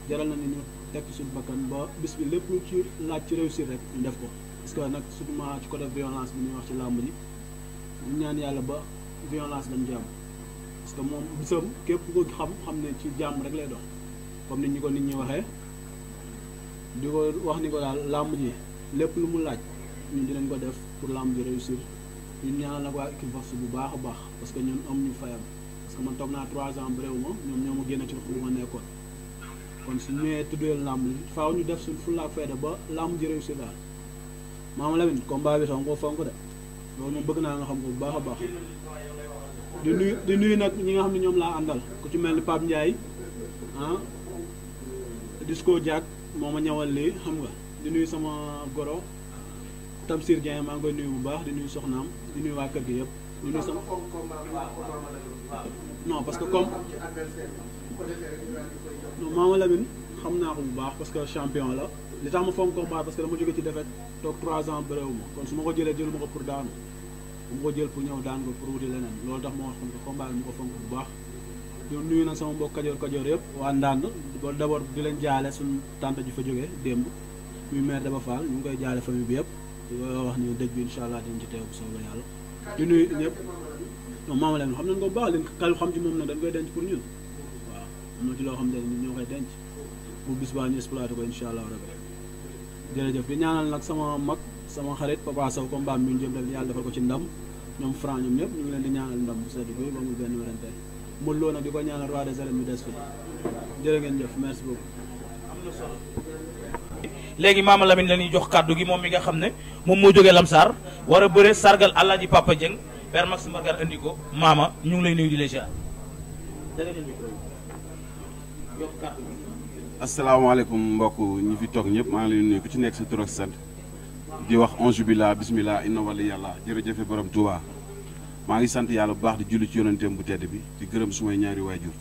jaral na ni ñu teg suñu bakkan ba bis lépp lu ci laaj ci réussir rek ñu def ko parce que nag surtout ci côté violence bi ñuy wax ci làmb ji ñu ñaan yàlla ba violence dañ jàmm parce que moom bisam képp ko xam xam ne ci jàmm rek lay dox comme ni ñi ko nit ñi waxee. di ko wax ni ko daal làmb ji lépp lu mu laaj ñun dinañ ko def pour làmb ji réussir ñun ñaanal nag waa Equivox bu baax a baax parce que ñun am ñu fayam parce que man naa trois ans bëréewu ma ñoom ñoo ma génn ci lu ma nekkoon kon suñu ñëwee tuddee làmb ji faaw ñu def suñ fulla ak fayda ba làmb ji réussir daal maama Lamine combat bi xam ko fonk de loolu moom bëgg naa nga xam ko bu baax a baax di nuyu di nuyu nag ñi nga xam ne ñoom laa àndal ku ci mel ni Pape Ndiaye ah Disco Diak moo ma ñawal lii xam nga di nuyu sama goro Tamsir Dieng maa ngi koy nuyu bu baax di nuyu soxnaam di nuyu waa kër gi yëpp. di nuyu sama non parce que comme non Mama Lamine xam naa ko bu baax parce que champion la li tax ma fonk combat parce que dama jóge ci défaite toog 3 ans bëréewu kon su ma ko jëlee jëlu ma ko pour daanu ma ko jël pour ñëw daan ko pour wuti leneen loolu tax ma wax comme que ko fonk bu baax. ñoom nuyu na sama mbokk kajoor kajoor yépp waa ndànd ba d' abord di leen jaale suñu tante ji fa jógee démb muy maire Daba Fall ñu ngi koy jaale famille bi yëpp di wax ni dëj bi incha allah dinañ ci teew bu soobee yàlla di nuyu leen xam nañ ko baax leen kal xam ci moom nag dañ koy denc pour waaw am na loo xam ne ñoo koy denc bu bis baa ñu exploité ko incha allah rabbi jërëjëf di ñaanal nag sama mag sama xarit Papa Sow comme baam bi ñu jëm yàlla defal ko ci ndam ñoom franc ñoom ñëpp ñu ngi leen di ñaanal ndam bu sedd bi ba mu benn werante mu loo nag di ko ñaanal roi des des fi jërë ngeen jëf merci beaucoup. am na solo. léegi maama Lamine la ñuy jox kàddu gi moom mi nga xam ne moom moo jógee Lamsar war a bëre sargal Alaaji Papa Dieng père Max Mbargane indi maama ñu ngi lay nuyu di la ziar. asalaamaaleykum mbokk ñu fi toog ñëpp maa ngi leen nuyu ci nekk sa tur ak di wax onge bila bismillah inna wali yàlla jërëjëfe borom Touba. maa ngi sant yàlla bu baax di julli ci yonenteem bu tedd bi di gërëm sumay ñaari waajur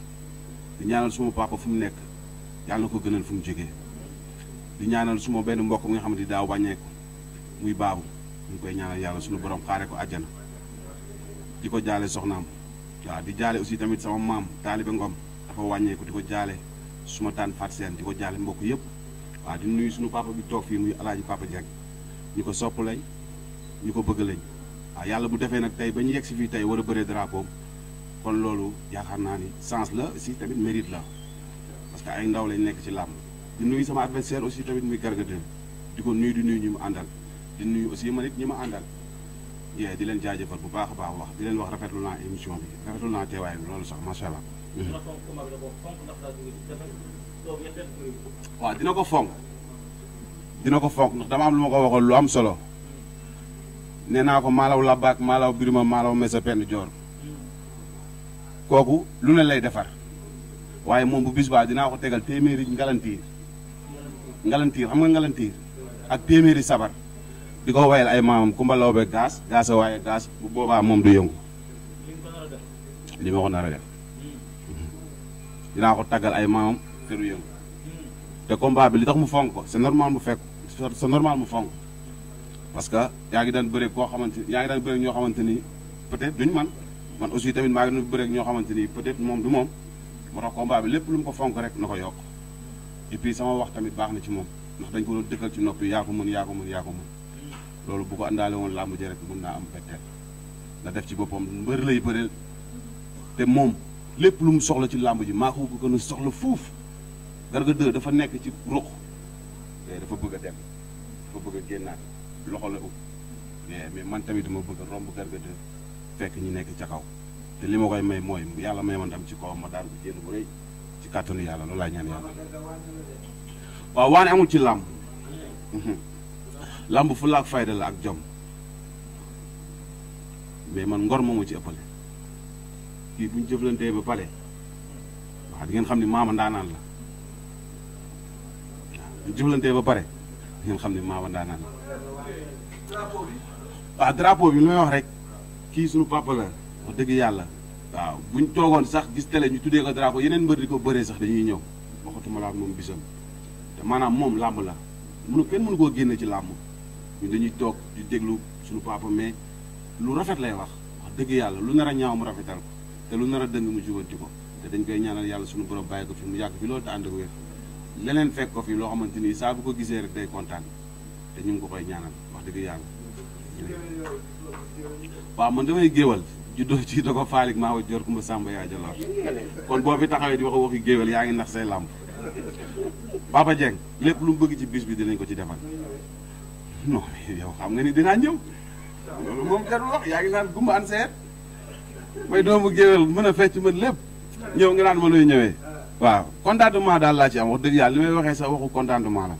di ñaanal suma papa fu mu nekk yàlla na ko gënal fu mu jógee di ñaanal suma benn mbokk mi nga xam ne daaw wàññeeku muy baabu ñu koy ñaanal yàlla suñu borom xaare ko àjjana di ko jaale soxnaam waaw di jaale aussi tamit sama maam taalibe Ngom dafa wàññeeku di ko jaale suma tànn Fatou Seen di ko jaale mbokk yëpp waaw di nuyu suñu papa bi toog fii muy alaaji papa Dieng ñu ko sopp lañ ñu ko bëgg lañ waa yàlla bu defee nag tey ba ñu yegg si fii tey war a bëree drapeau kon loolu yaakaar naa ni sens la si tamit mérite la parce que ay ndaw lañ nekk ci làmb di nuyu sama adversaire aussi tamit muy Garga 2 di ko nuyu di nuyu ñi mu àndal di nuyu aussi man it ñi ma àndal yee di leen jaajëfal bu baax a baax wax di leen wax rafetlu naa émission bi rafetlu naa teewaay bi loolu sax macha allah. Mm-hmm. waaw dina ko fonk dina ko fonk ndax dama am lu ma ko waxoon lu am solo. nee naa ko maalaw labbaak maalaw birima maalaw mesa penn joor kooku lu ne lay defar waaye moom bu bis baa dinaa ko tegal téeméeri ngalantiir ngalantiir ak téeméeri sabar di ko wayal ay maamam kumba lawbe gaas gaas a waaye gaas bu boobaa moom du yëngu li ma ko nar a dinaa ko taggal ay maamam te du yëngu te combat bi li tax mu fonk ko normal mu fekk c'est normal mu fonk parce que yaa ngi daan bëreeg koo xamante yaa ngi daan bëreeg ñoo xamante ni peut-être duñ man man aussi tamit maa ngi daan bëreeg ñoo xamante ni peut-être moom du moom moo tax combat bi lépp lu mu ko fonk rek na ko yokk et sama wax tamit baax na ci moom ndax dañ ko doon dëkkal ci noppi yaa ko mën yaa ko mën yaa ko mën loolu bu ko àndaale woon làmb ji rek mën naa am betteel na def ci boppam mbër lay bëreel te moom lépp lu mu soxla ci làmb ji maa ko gën a soxla fuuf Garga 2 dafa nekk ci ruq dafa bëgg a dem bëgg a génnaat loxo la ëpp mais man tamit dama bëgg romb gargade fekk ñi nekk ca kaw te li ma koy may mooy yàlla may ma ndam ci kawam ma daan ko jénn bu rëy ci kàttanu yàlla loolu laa ñaan yàlla waaw waane amul ci làmb mhm. làmb fu laak fayda la ak jom mais man ngor moomu ci ëppale kii ba pare wax ngeen xam ni maama ndaanaan la waaw ba pare ngeen xam ne Maama Ndaanaan waaw drapeau bi li may wax rek kii suñu papa la wax dëgg yàlla waaw buñ toogoon sax gis tele ñu tuddee ko drapeau yeneen mbër di ko bëree sax dañuy ñëw waxatuma la ak moom bisam te maanaam moom làmb la mënu kenn mënu koo génne ci làmb ñun dañuy toog di déglu suñu papa mais lu rafet lay wax wax dëgg yàlla lu nar a ñaaw mu rafetal ko te lu nar a dëng mu jubanti ko te dañ koy ñaanal yàlla suñu borom bàyyi ko fi mu yàgg fi loolu leneen fekk ko fii loo xamante ni saa bu ko gisee rek day kontaan te ñu ngi ko koy ñaanal wax dëgg yàlla. waa man damay géwal juddoo ci da ko faalik maa ko jor kumba sàmba yaa jaloor kon boo fi taxawee di wax waxi géwal yaa ngi nax say làmb Papa Dieng lépp lu mu bëgg ci bis bi dinañ ko ci defal non yow xam nga ni dinaa ñëw loolu moom jarul wax yaa ngi naan gumba an seet may doomu géwal mën a fecc mën lépp ñëw nga naan ma looy ñëwee waaw contentement daal laa ci am wax dëgg yàlla li may waxee sax waxu contentement la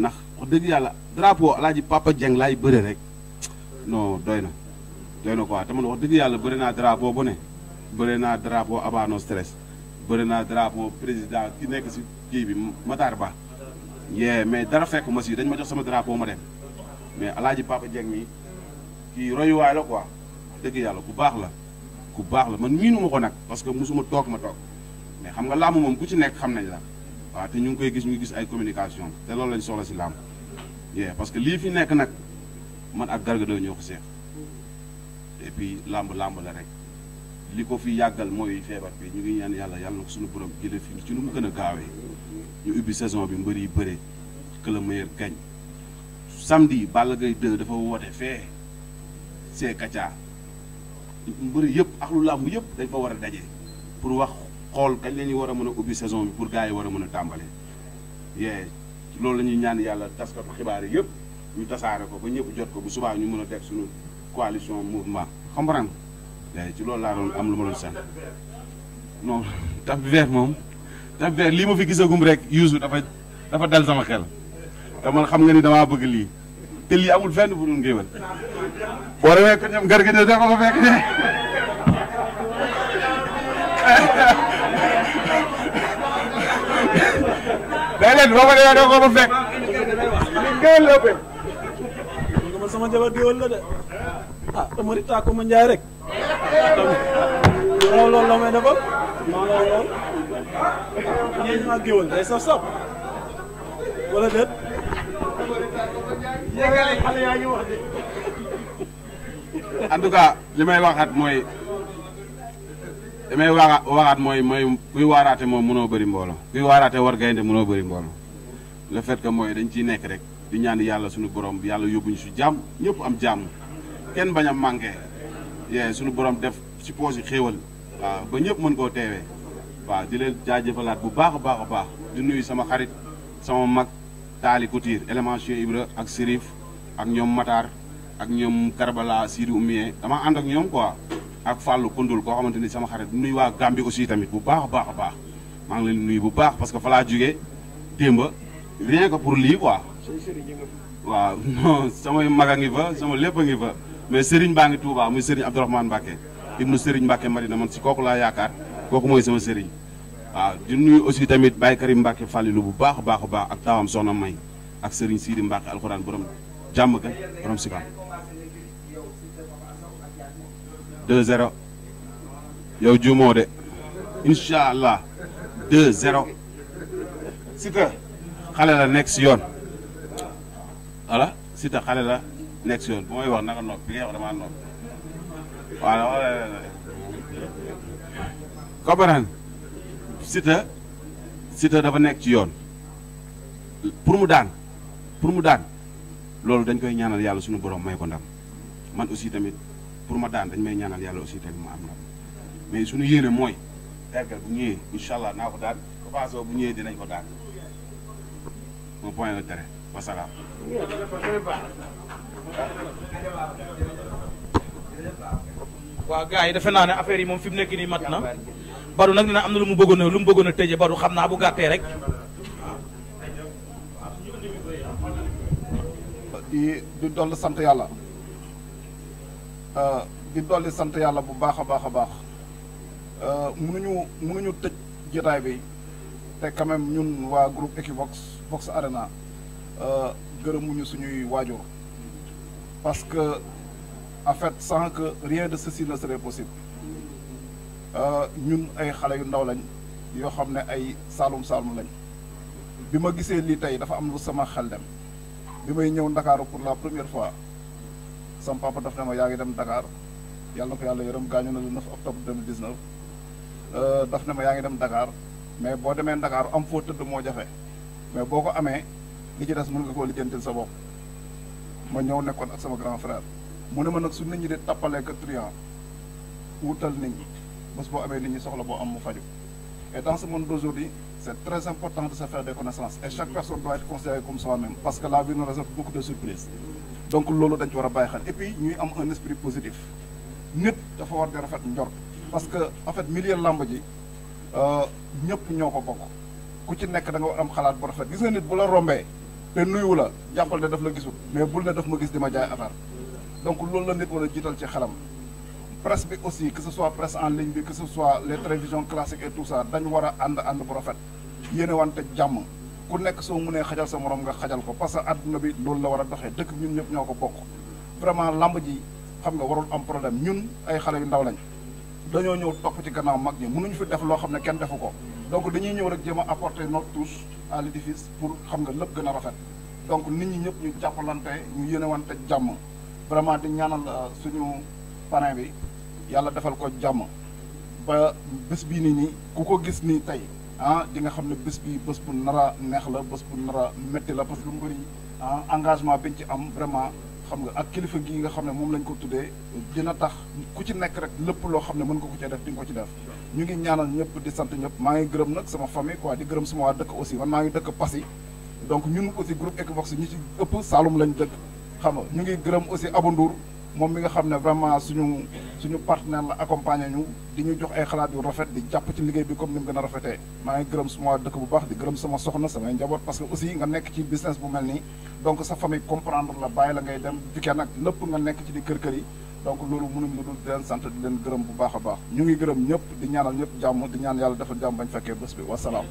ndax wax dëgg yàlla drapeau alaaj Papa Dieng laay bëre rek non doy na doy na quoi te man yàlla bëri naa drapeau bu ne bëri naa drapeau abano bëri naa drapeau président ki nekk si kii bi Matar Ba mais dara fekk ma si dañ ma jox sama drapeau ma dem mais alaaji Papa Dieng mi kii royuwaay la quoi wax dëgg yàlla ku baax la ku baax la man miinu ma ko nag parce que mosuma toog ma toog mais xam nga làmb moom ku ci nekk xam nañ la waaw te ñu ngi koy gis ñu gis ay communication te loolu lañ soxla si làmb yee parce que lii fi nekk nag man ak Garga 2 ñoo ko seex et làmb làmb la rek li ko fi yàggal mooy feebar bi ñu ngi ñaan yàlla yàlla na ko suñu borom jëlee fi ci nu mu gën a gaawee ñu ubbi saison bi mbër yi bëre que le meilleur gagne samedi Balla Gaye 2 dafa woote fee see kaca mbër yëpp ak lu làmb yëpp dañ fa war a daje pour xool kañ la ñuy war a mën a ubbi saison bi pour gars yi war a mën a tàmbale yee loolu la ñuy ñaan yàlla taskatu xibaar yi yëpp ñu tasaare ko ba ñëpp jot ko bu subaa ñu mën a teg suñu coalition mouvement comprendre nga ci loolu laa doon am lu ma doon sànn non tap vert moom tap vert lii ma fi gisagum rek Youssou dafa dafa dal sama xel te man xam nga ni damaa bëgg lii te lii amul fenn bu dul ngéwél boo demee ko ñoom garga de ko fa fekk de déedéet boo ko defee doo ko fa fekk. gën la ëppee. nga ma sama jabar diwal la de ah Amary Tako ma Ndiaye rek. loolu loolu la may defal maa loolu loolu. ñeent maa géwal day saf saf wala déet. en tout cas li may waxaat mooy. damay waa waxaat mooy mooy kuy waaraate moom mënoo bëri mboolo kuy waaraate war gaynde mënoo bëri mbooloo le fait que mooy dañ ciy nekk rek di ñaan yàlla suñu borom yàlla yóbbuñu su jàmm ñëpp am jàmm kenn bañ a manqué yee suñu borom def si poos yi xéewal waaw ba ñëpp mën koo teewee waaw di leen jaajëfalaat bu baax a baax a baax di nuyu sama xarit sama mag taali Couture élément Cheikh Ibra ak Serif ak ñoom Matar ak ñoom Karbala Sidi Oumier dama ànd ak ñoom quoi ak Fallou Koundoul koo xamante ni sama xarit nuy waa Gambie aussi tamit bu baax a baax a baax maa ngi leen nuyu bu baax parce que fa laa jugee démba rien que pour lii waa waaw non samay mag a ngi fa sama lépp a ngi fa mais Serigne baa ngi Touba muy Serigne Abdourahmane Mbacke ibnu Serigne Mbacke Madina man si kooku laa yaakaar kooku mooy sama Serigne. waaw di nuyu aussi tamit Baye Karim Mbacke lu bu baax a baax a baax ak taawam Soxna May ak Serigne Sidi Mbacke alxuraan borom jàmm ga borom deux zéro yow juumoo de incha allah deux zéro Siteu xale la nekk si yoon voilà sita xale la nekk si yoon bu may wax naka nopp bi ngay wax damaa dafa nekk ci yoon pour mu daan pour mu daan loolu dañ koy ñaanal yàlla suñu borom may ko ndam man aussi tamit pour ma daan dañ may ñaanal yàlla aussi tamit ma am na mais suñu yéene mooy Berkel bu ñëwee incha allah daan bu ñëwee dinañ ko daan mon point de terrain wasalaam. waaw gars yi defe naa ne affaire yi moom fi mu nekk nii mat na Badou nag nee am na lu mu bëggoon lu mu bëggoon a tëjee Badou xam naa bu gàttee rek. di di sant yàlla. Euh, di dolli sant yàlla bu baax a baax a baax euh, mënuñu mënuñu tëj jotaay bi te quand même ñun waa groupe Equivox Vox Arena euh, gërëmuñu suñuy waajur parce que en fait sans que rien de ceci ne serait possible ñun ay xale yu ndaw lañ yoo xam ne ay saalum saalum lañ bi ma gisee lii tey dafa am lu sama xel dem bi may ñëw Ndakaaru pour la première fois sama papa daf ne ma yaa ngi dem Dakar yàlla na ko yàlla yërëm gaañu na le 9 octobre 2019 euh, daf ne ma yaa ngi dem dakaar mais boo demee ndakaar am foo tëdd moo jafe mais boo ko amee li ci des mën nga koo lijjantil sa bopp ma ñëw nekkoon ak sama grand frère mu ne ma nag su nit ñi di tappalee que truand wutal nit ñi bés boo amee nit ñi soxla boo am mu faju et dans ce monde d'aujourd'hui c'est très important de se faire des connaissances et chaque donc loolu dañ ci war a bàyyi xel et puis ñuy am un esprit positif nit dafa war di rafet njort parce que en fait milieu làmb ji euh, ñëpp ñëw ko bokk ku ci nekk da nga war am xalaat bu rafet gis nga nit bu la rombee te nuyu la jàppal ne daf la gisul mais bul ne daf ma gis di ma jaay affaire donc loolu la nit war a jiital ci xelam presse bi aussi que ce soit presse en ligne bi que ce soit les télévisions classiques et tout ça dañ war a ànd ànd bu rafet yéene wante jàmm ku nekk soo munee xajal sa moroom nga xajal ko parce que àdduna bi loolu la war a doxee dëkk ñun ñëpp ñoo ko bokk vraiment lamb ji xam nga warul am problème ñun ay xale yu ndaw lañ dañoo ñëw topp ci gannaaw mag mun nañu fi def loo xam ne kenn defu ko donc dañuy ñëw rek jéem a apporter notre touche à l'édifice pour xam nga lépp gën a rafet donc nit ñi ñëpp ñu jàppalante ñu yéenewante jàmm vraiment di ñaanal euh, suñu parrain bi yàlla defal ko jàmm ba bés bii nii nii ku ko gis nii tey ah di nga xam ne bis bi bés bu nar a neex la bés bu nara a la parce que lu mu bëri ah engagement ci am vraiment xam nga ak kilifa gi nga xam ne moom lañ ko tuddee dina tax ku ci nekk rek lépp loo xam ne mën nga ko cee def di nga ko ci def ñu ngi ñaanal ñëpp di sant ñëpp maa ngi gërëm nag sama famille quoi di gërëm suma waa dëkk aussi man maa ngi dëkk Passy donc ñun aussi groupe Equivox ñi ci ëpp Saloum lañ dëkk xam nga ñu ngi gërëm aussi Abou moom mi nga xam ne vraiment suñu suñu partenaire la accompagner ñu di ñu jox ay xalaat yu rafet di jàpp ci liggéey bi comme ni mu gën a rafetee maa ngi gërëm suma dëkk bu baax di gërëm sama soxna samay njaboot parce que aussi nga nekk ci business bu mel nii donc sa famille comprendre la bàyyi la ngay dem fikee nag lépp nga nekk ci di kër kër yi donc loolu mënuñ lu dul di sant di leen gërëm bu baax a baax ñu ngi gërëm ñëpp di ñaanal ñëpp jàmm di ñaan yàlla dafa jàmm bañ fekkee bés bi wasalaam